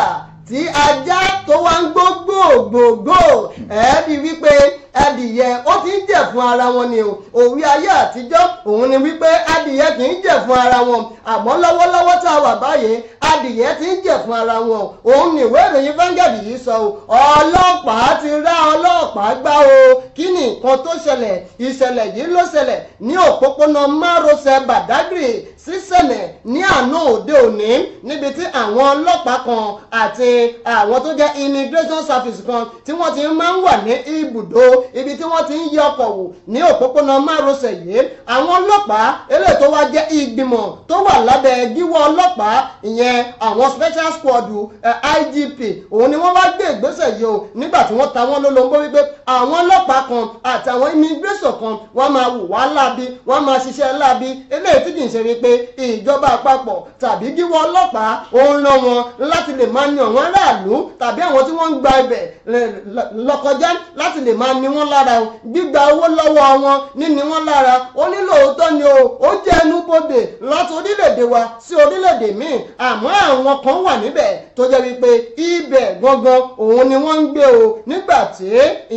tí ajá tó wá ń gbó gbòògbòògbò ẹ̀ẹ́dì wípé adìyẹ ó ti ń jẹ̀ fún ara wọn ni o òwe ayé àtijọ́ òun ni wípé adìyẹ kì í jẹ̀ fún ara wọn àmọ́ lọ́wọ́lọ́wọ́ tá a wà báyìí adìyẹ ti ń jẹ̀ fún ara wọn òun ni ìwé ìròyìn Vanguard yìí sọ o ọlọ́pàá ti rá ọlọ́pàá gbá o kí ni nǹkan tó ṣẹlẹ̀ ìṣẹ̀lẹ̀ yìí ló ṣẹlẹ̀ ní òpópónà márosẹ̀ Badagry síṣẹ̀lẹ̀ ní àná òde òní níbi tí àwọn ọlọ́pàá kan àti àwọn tó jẹ́ immigration service kan tí wọ́n ti máa ń wà ní ibùdó ibi tí wọ́n ti ń yí ọkọ̀ wò ní òpópónà márosẹ̀ yìí àwọn ọlọ́pàá eléyìí tó wá jẹ́ ìgbìmọ̀ tó wà lábẹ́ gíwọ́ ọlọ́pàá ìyẹn àwọn special squad eh, IGP òun ni wọ́n wá gbé ìgbésẹ̀ yìí o nígbà tí wọ́n ta wọ́n lólobó wípé àwọn ọlọ́pàá kan àti immigration kan wọ́n máa wù wá láabi wọ́n máa ṣiṣẹ́ láabi eléyìí tí kì í ṣe wípé ìjọba àpapọ̀ tàbí gíwọ́ ọlọ́pàá ó ń lọ wọn láti lè máa ní àwọn aráàlú tàbí àwọn tí wọ́n ń gba ibẹ̀ eh, lọ́kọjá láti lè máa ní wọ́n lára o gbígba owó lọ́wọ́ wọn níní wọ́n lára ó ní lóòótọ́ ni o ó jẹ́ ẹnubodè láti orílẹ̀-èdè wa sí orílẹ̀-èdè míì àmọ́ àwọn kan wà níbẹ̀ tó jẹ́ wípé ibẹ̀ gangan òun ni wọ́n ń gbé o nígbà tí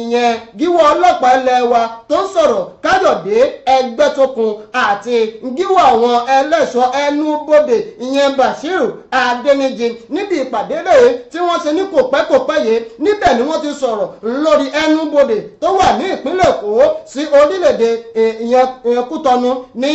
ìyẹn gíwọ́ ọlọ́pàá ilẹ̀ wa tó ń sọ̀rọ̀ káyọ̀dé ẹgbẹ́tókun àti gíwọ́ àwọn ẹ ẹlẹ́sọ ẹnu bodè ìyẹn Bashir Adéníjì níbi ìpàdé rèé tí wọ́n ṣe ní kòpẹ́kòpẹ́ yìí níbẹ̀ ni wọ́n ti sọ̀rọ̀ lórí ẹnu bodè tó wà ní ìpínlẹ̀ Èkó sí orílẹ̀-èdè e, ìyẹn Kútọ́nù ní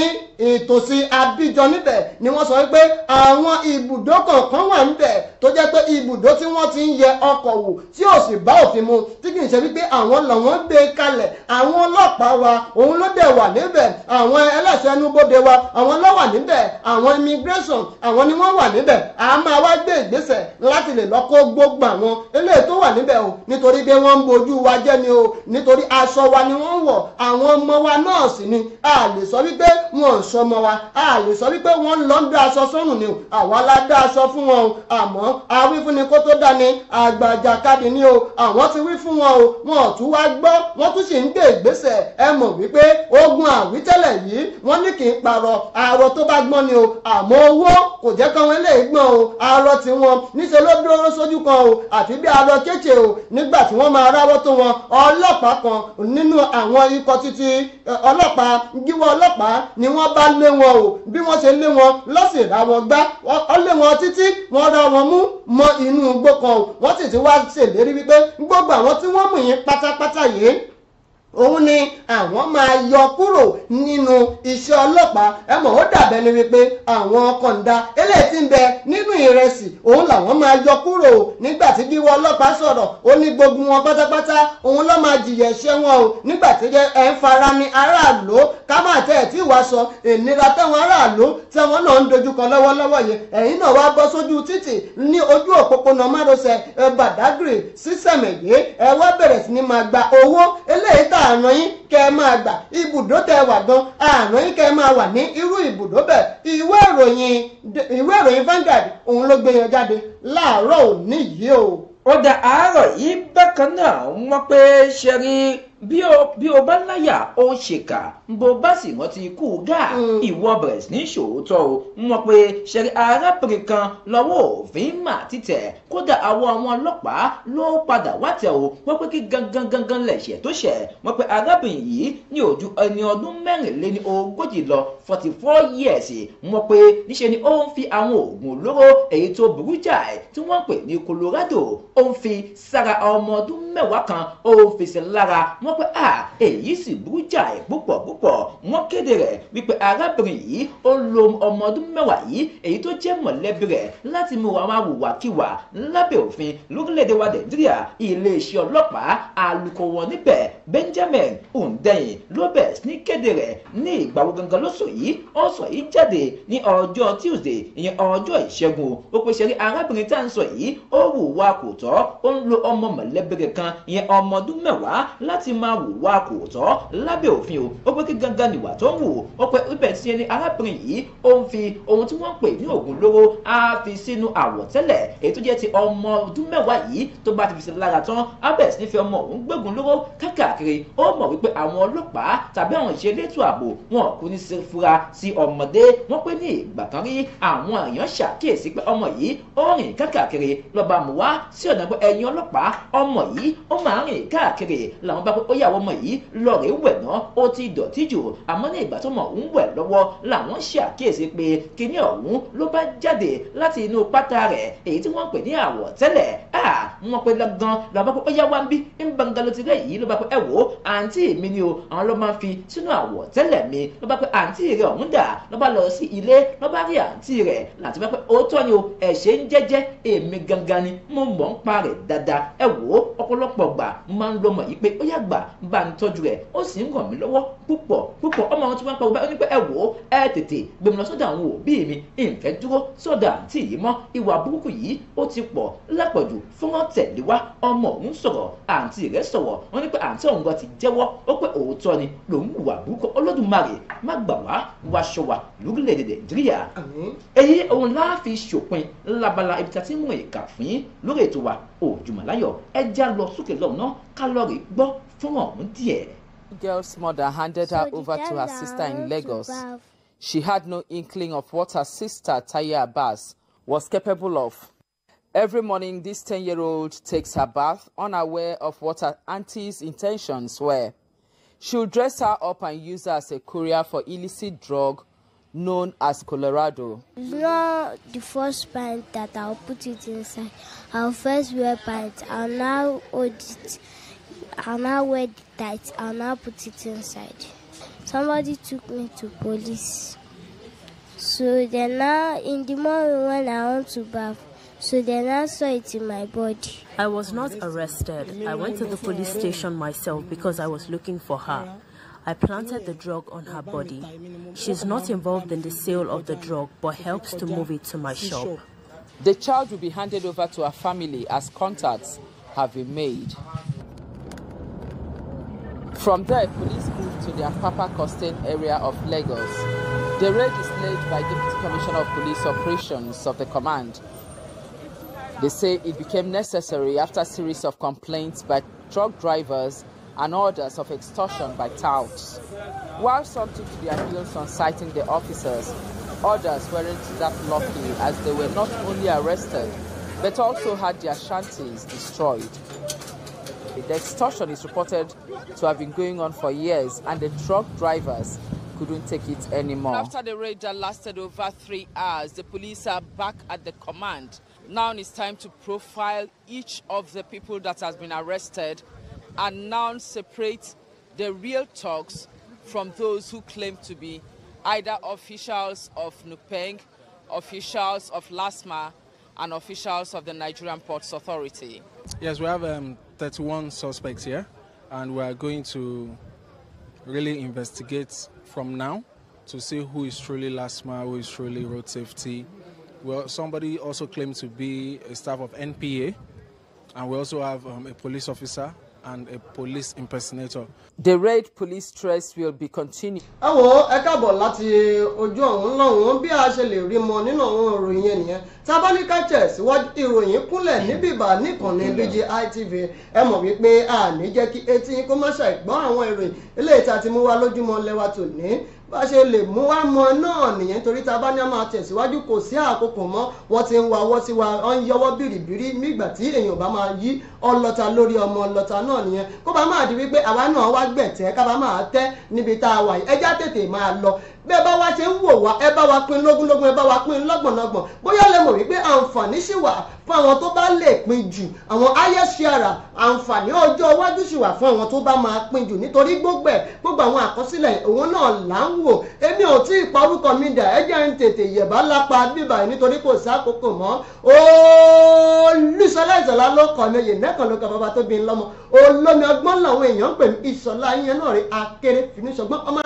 ìtòsí Abidjan níbẹ̀ ni wọ́n sọ pé àwọn ibùdó kọ̀ọ̀kan wà níbẹ̀ tó jẹ́ pé ibùdó tí wọ́n ti ń yẹ ọkọ̀ wò tí ò sì bá òfin mu tí kì í ṣe wípé àwọn làwọn gbé kalẹ̀ àwọn ọlọ́pàá wa òun ló dẹ̀ wà níbẹ̀ àwọn ẹlẹ́sẹ̀ ẹnubodè wa àwọn ló wà ní níbẹ̀ àwọn immigration àwọn ni wọ́n wà níbẹ̀ a máa wá gbé ìgbésẹ̀ láti lè lọ kó gbogbo àwọn eléyìí tó wà níbẹ̀ o nítorí pé wọ́n ń bojú wa jẹ́ ni o nítorí aṣọ wa ni wọ́n ń wọ̀ àwọn ọmọ wa náà sì ni a lè sọ wípé wọn ò sọmọ wa a lè sọ wípé wọ́n ń lọ ń dá aṣọ sọ́rùn ni o àwa la dá aṣọ fún wọn o àmọ́ awífúnni kó tó dání àgbàjàkadì ni o àwọn ti wí fún wọn o wọn ò tún wá gbọ́ wọ́n tún sì ń gbé ìgbésẹ̀ ẹ mọ̀ wípé ogun àwítẹ́lẹ̀ yìí wọ́n ní kì í parọ́ àrò tó bá gbọ́n ni o àmọ́ owó kò jẹ́ kí wọ́n lè gbọ́n o arọ tí wọn níṣẹ́ ló dúró sójú kan o àti bí arọ kéèké o nígbà tí wọ́n máa ráwọ́ tó wọn ọlọ́pàá kan nínú àwọn ikọ̀ títí ọlọ́pàá gíwọ́ ọlọ́pàá ni wọ́n bá lé wọn o bí wọ́n ṣe lé wọn lọ́sìn rà wọ́n gbá ọ lé wọn títí wọ́n ra wọn mú mọ inú igbó kan o wọ́n sì ti wá ṣèlérí wípé gbogbo àwọn tí wọ́n mú yín pátápátá yìí òun ni àwọn máa yọ kúrò nínú iṣẹ́ ọlọ́pàá ẹ mọ̀ ó dàbẹ́ ni wípé àwọn kọ̀ǹda eléyìí tí ń bẹ nínú ìrẹsì òun làwọn máa yọ kúrò nígbà tí bí wọn ọlọ́pàá sọ̀rọ̀ ó ní gbogbo wọn pátápátá òun ló máa jìyà ẹ̀ṣẹ̀ wọn o nígbà tí ẹ ń fara ní aráàlú ká máa tẹ̀ tí wàá sọ ìnira táwọn aráàlú tí wọn náà ń dojúkọ lọ́wọ́lọ́wọ́ yìí ẹ̀yin náà ni máa gba owó àràn yín kẹ́ ẹ máa gbà ibùdó tẹ wà gan àràn yín kẹ́ ẹ máa wà ní irú ibùdó bẹ́ẹ̀ ìwé ìròyìn ìwé ìròyìn Vanguard òun ló gbé yan jáde láàárọ̀ òní yìí o. ó dá àárọ̀ yìí bákan náà wọ́n pé ṣe rí bí o bí o bá láyà ó ṣèkà bó bá sì rántí ikú gáà ìwọ bẹ̀rẹ̀ sí ní ṣòótọ́ o wọ́n pe ṣẹ̀rí arábìnrin kan lọ́wọ́ òfin mà títẹ̀ kódà àwọn àwọn ọlọ́pàá ló padà wá tẹ̀ o wọ́n pé kí gangan lẹ̀ṣẹ̀ tó ṣẹ̀ wọ́n pe arábìnrin yìí ní ojú ẹni ọdún mẹ́rìnléní ogójì lọ forty four years wọ́n pe níṣe ni ó ń fi àwọn oògùn olóró èyí tó burú jáì tí wọ́n pè ní Colorado ó ń fi sára ọmọ ọdún mẹ́wàá kan ó wọ́n pé à èyí sì burú jáì púpọ̀ púpọ̀ wọ́n kéde rẹ̀ wípé arábìnrin yìí ó lo ọmọ ọdún mẹ́wàá yìí èyí tó jẹ́ mọ̀lẹ́bí rẹ̀ láti mú àwọn awùwàkiwà lábẹ́ òfin lórílẹ̀‐èdè wa nàìjíríà iléeṣẹ́ ọlọ́pàá alukó níbẹ̀ benjamin hundeyin lóbẹ̀ ní kéde rẹ̀ ní ìgbà wo gangan lóṣù yìí ó sọ yìí jáde ní ọjọ́ tuesday ìyẹn ọjọ́ ìṣẹ́gun ó pèsè rí arábìnrin tá à ń sọ yìí ó wùwà kò tọ́ ó ń lo ọmọ mọ̀lẹ́bí rẹ̀ kan ìyẹn ọmọ ọdún mẹ́wàá láti máa wò wá kò tọ́ lábẹ́ òfin o ó pé kí gangan nìwà tó ń wù ó pé ibẹ̀ tí ẹni arábìnrin yìí ó ń fi ohun tí wọ́n pè ní oògùn lóró á fi sínú àwọ̀tẹ́lẹ̀ èyí tó jẹ́ ti ọmọ ọdún mẹ́wàá yìí tó bá ti fi sí lára tán abẹ́ sí fi ọmọ òun gbógun lóró káàkiri ó mọ̀ wípé àwọn ọlọ́pàá tàbí àwọn ìṣe elétò ààbò wọn kò ní ṣe fura sí ọmọdé wọ́n pé ní ìgbà kan rí àwọn èèyàn ṣàkíyèsí pé ọmọ yìí ó rìn káàkiri lọ́ba mú sí ọ̀nà pé ẹ̀yin ọlọ́pàá ọmọ yìí ó máa rìn káàkiri làwọn bá pé ó yàwó ọmọ yìí lọ́ọ̀rẹ́ wẹ̀ náà ó ti dọ̀tí jù àmọ́ ní ìgbà tó mọ̀ ń wẹ̀ lọ́wọ́ làwọn ṣe àkíyèsí pé kinní ọ̀hún ló bá jáde láti inú pátá rẹ̀ èyí tí wọ́n pè ní àwọ̀ tẹ́lẹ̀ wọ́n pe dandan làwọn bá pé ó yá wá ń bí ń gbàngàn ló ti rẹ̀ yìí ló bá pé ẹ wò àǹtí mi ni o àwọn ló máa ń fi sínú àwọ̀ tẹ́lẹ̀ mi ló bá pé àǹtí rẹ̀ ọ̀hún dà ló bá lọ sí ilé ló bá rí àǹtí rẹ̀ láti bá pé òótọ́ ni o ẹ̀ ń jẹ́jẹ́ èmi gangan ni mo mọ̀ ń pa rẹ̀ dáadáa ẹ wò ọ̀pọ̀lọpọ̀ gbà máa ń lọ́mọ yìí pé ó yá gb gbà ń bá ń tọ́jú rẹ̀ ó sì ń ràn mí lọ́wọ́ púpọ̀ púpọ̀ ọmọ àwọn tí wọ́n ń pariwo ó ní pé ẹ wò ó ẹ tètè gbé mi lọ sọ́dọ̀ àwọn òbí mi ìfẹ́ dúró sọ́dọ̀ àǹtí yìí mọ́ ìwà burúkú yìí ó ti pọ̀ lápọ̀jù fúnrán tẹ̀lé wá ọmọ òun sọ̀rọ̀ àǹtí rẹ̀ sọ̀rọ̀ wọ́n ní pé àǹtí òun gan ti jẹ́wọ́ ó pé òótọ́ ni lòun wùwà burúkú olódùmarè má gbà wá wáṣọ wa lórílẹ̀‐èdè nàìjíríà èyí òun láàfi ṣòpin labala ibi tí a ti ń mú ìkà fún yín lórí ètò Girl's mother handed her over to her sister in Lagos. She had no inkling of what her sister, Taya Abbas, was capable of. Every morning, this 10 year old takes her bath, unaware of what her auntie's intentions were. She'll dress her up and use her as a courier for illicit drug known as Colorado. It's not the first pint that I'll put it inside. I'll first wear pint, I'll now hold it I'll now wear the tights, I'll now put it inside. Somebody took me to police. So then now in the morning when I want to bath, so then I saw it in my body. I was not arrested. I went to the police station myself because I was looking for her. I planted the drug on her body. She's not involved in the sale of the drug but helps to move it to my shop. The child will be handed over to her family as contacts have been made. From there, police moved to the Apapa Costain area of Lagos. The raid is led by Deputy Commissioner of Police Operations of the command. They say it became necessary after a series of complaints by truck drivers and orders of extortion by touts. While some took to their heels on citing the officers, others weren't that lucky as they were not only arrested, but also had their shanties destroyed. The extortion is reported to have been going on for years, and the truck drivers couldn't take it anymore. After the raid that lasted over three hours, the police are back at the command. Now it's time to profile each of the people that has been arrested and now separate the real talks from those who claim to be either officials of Nupeng, officials of LASMA, and officials of the Nigerian Ports Authority. Yes, we have um, 31 suspects here, and we are going to really investigate from now to see who is truly LASMA, who is truly road safety. Well, somebody also claimed to be a staff of NPA, and we also have um, a police officer and a police impersonator. The raid police stress will be continued. ẹ wo ẹ káàbọ̀ láti ojú ọ̀hún lọ́hùn bí a ṣe lè rí mọ nínú àwọn ìròyìn ènìyàn tábánikàtẹ̀ síwájú ìròyìn kúnlẹ̀ níbí ìbà nìkànnì BGI TV ẹ mọ̀ wípé àní jẹ́ kí etí kó má àwọn ìròyìn eléyìí tá a ti mú wá lójúmọ́ lẹ́wà tòní bá ṣe lè mú wá mọ náà nìyẹn torí tá a bá ní a máa tẹ̀síwájú kò sí àkókò mọ́ wọ́n ti ń wa ọwọ́ sí wa ọ́n yọwọ́ bìrìbìrì nígbà tí èèyàn bá máa yí ọlọ́ta lórí ọmọ ọlọ́ta náà nìyẹn kó bá máa di wípé àwa náà wá gbẹ̀tẹ́ ká bá máa tẹ́ níbi tá a wà yìí ẹjá tètè máa lọ bẹ́ẹ̀ bá wá ṣe ń wò wá ẹ bá wa pín lógúnlógún ẹ bá wa pín lọ́gbọ̀nlọ́gbọ̀n bóyá lè mọ̀ wípé àǹfààní ṣì wà fún àwọn tó bá lè pín jù àwọn ayéṣiara àǹfààní ọjọ́ iwájú ṣì wà fún àwọn tó bá máa pín jù nítorí gbogbo ẹ̀ gbogbo àwọn àkọsílẹ̀ òun náà là ń wò èmi ò tí ì parúkọ mi dà ẹ jẹ́ ń tètè yẹ̀bá lápá bíbà yìí nítorí kò sí àkókò mọ́ olùsọlá ìsọlá ló kọ́ mi yìí nẹ́kan ló kọ́ bàbá tó bí lọ́mọ olómi ọgbọ́n làwọn èèyàn ń pè mí ìsọlá yẹn náà rí akéré fìníṣọgbọ́n ọmọ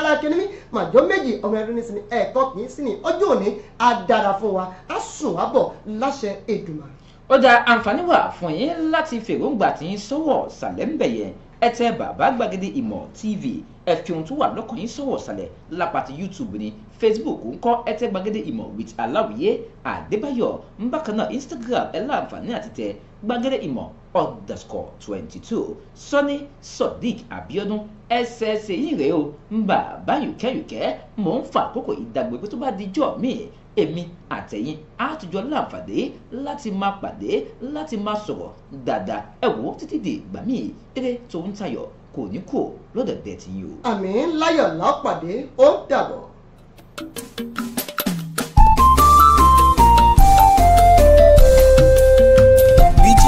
ọmọ ẹdún nísìnyí ẹ̀kọ́ kì í sí ni ọjọ́ òní á dára fún wa á sùn wá bọ̀ láṣẹ Èdùmàrè. ó dá àǹfààní wà fún yín láti fèròǹgbà tí ń sọ́wọ́ sàlẹ̀ ń bẹ̀yẹn ẹ tẹ bàbá gbàgede ìmọ̀ tv ẹ fi ohun tó wà lọ́kàn yín sọ̀wọ́ sàlẹ̀ lápàtì youtube ni facebook ń kọ́ ẹ tẹ gbàgede ìmọ̀ with aláwìyé àdébáyọ̀ ń bákan náà instagram ẹ láǹfààní àti tẹ gbàgede ìmọ̀ underscore twenty two sọ́ni sodiq abiodun ẹsẹẹsẹ yìí rèé o ń bà bá yùkẹ́yùkẹ́ mò ń fa àkókò ìdàgbé pé tó bá di jọ́ míì èmi àtẹ̀yìn á tùjọ láǹfààní láti máa pàdé láti máa sọ̀rọ̀ dáadáa ẹ wò ó títí di ìgbà míì eré tó ń tayọ̀ kò ní kò lọ́dọ̀ dẹ̀ ti yìí o. àmì láyọ̀ lápàdé ó dàbọ̀.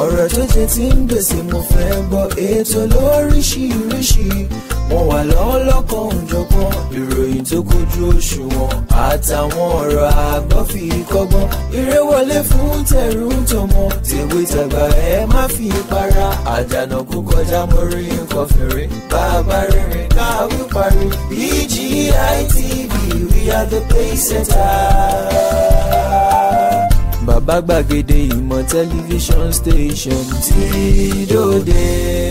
ọ̀rọ̀ tó jẹ ti ń gbèsè mo fẹ́ gbọ́ ètò lóríṣiríṣi wọ́n wà lọ́wọ́ lọ́kàn òjọ̀kan ìròyìn tó kojú òṣùwọ̀n àtàwọn ọ̀rọ̀ àgbọ́ fi kọ́gbọ́n eré wọlé fún tẹ̀rù tọmọ tèwe tàgbà ẹ má fi para àdànà kú kọjá mọ́rí nǹkan fèrè bàbá rere káwí parí BGI e TV we are the pace setters bàbá gbàgede ìmọ̀ tẹlifíṣàn station ti dòde.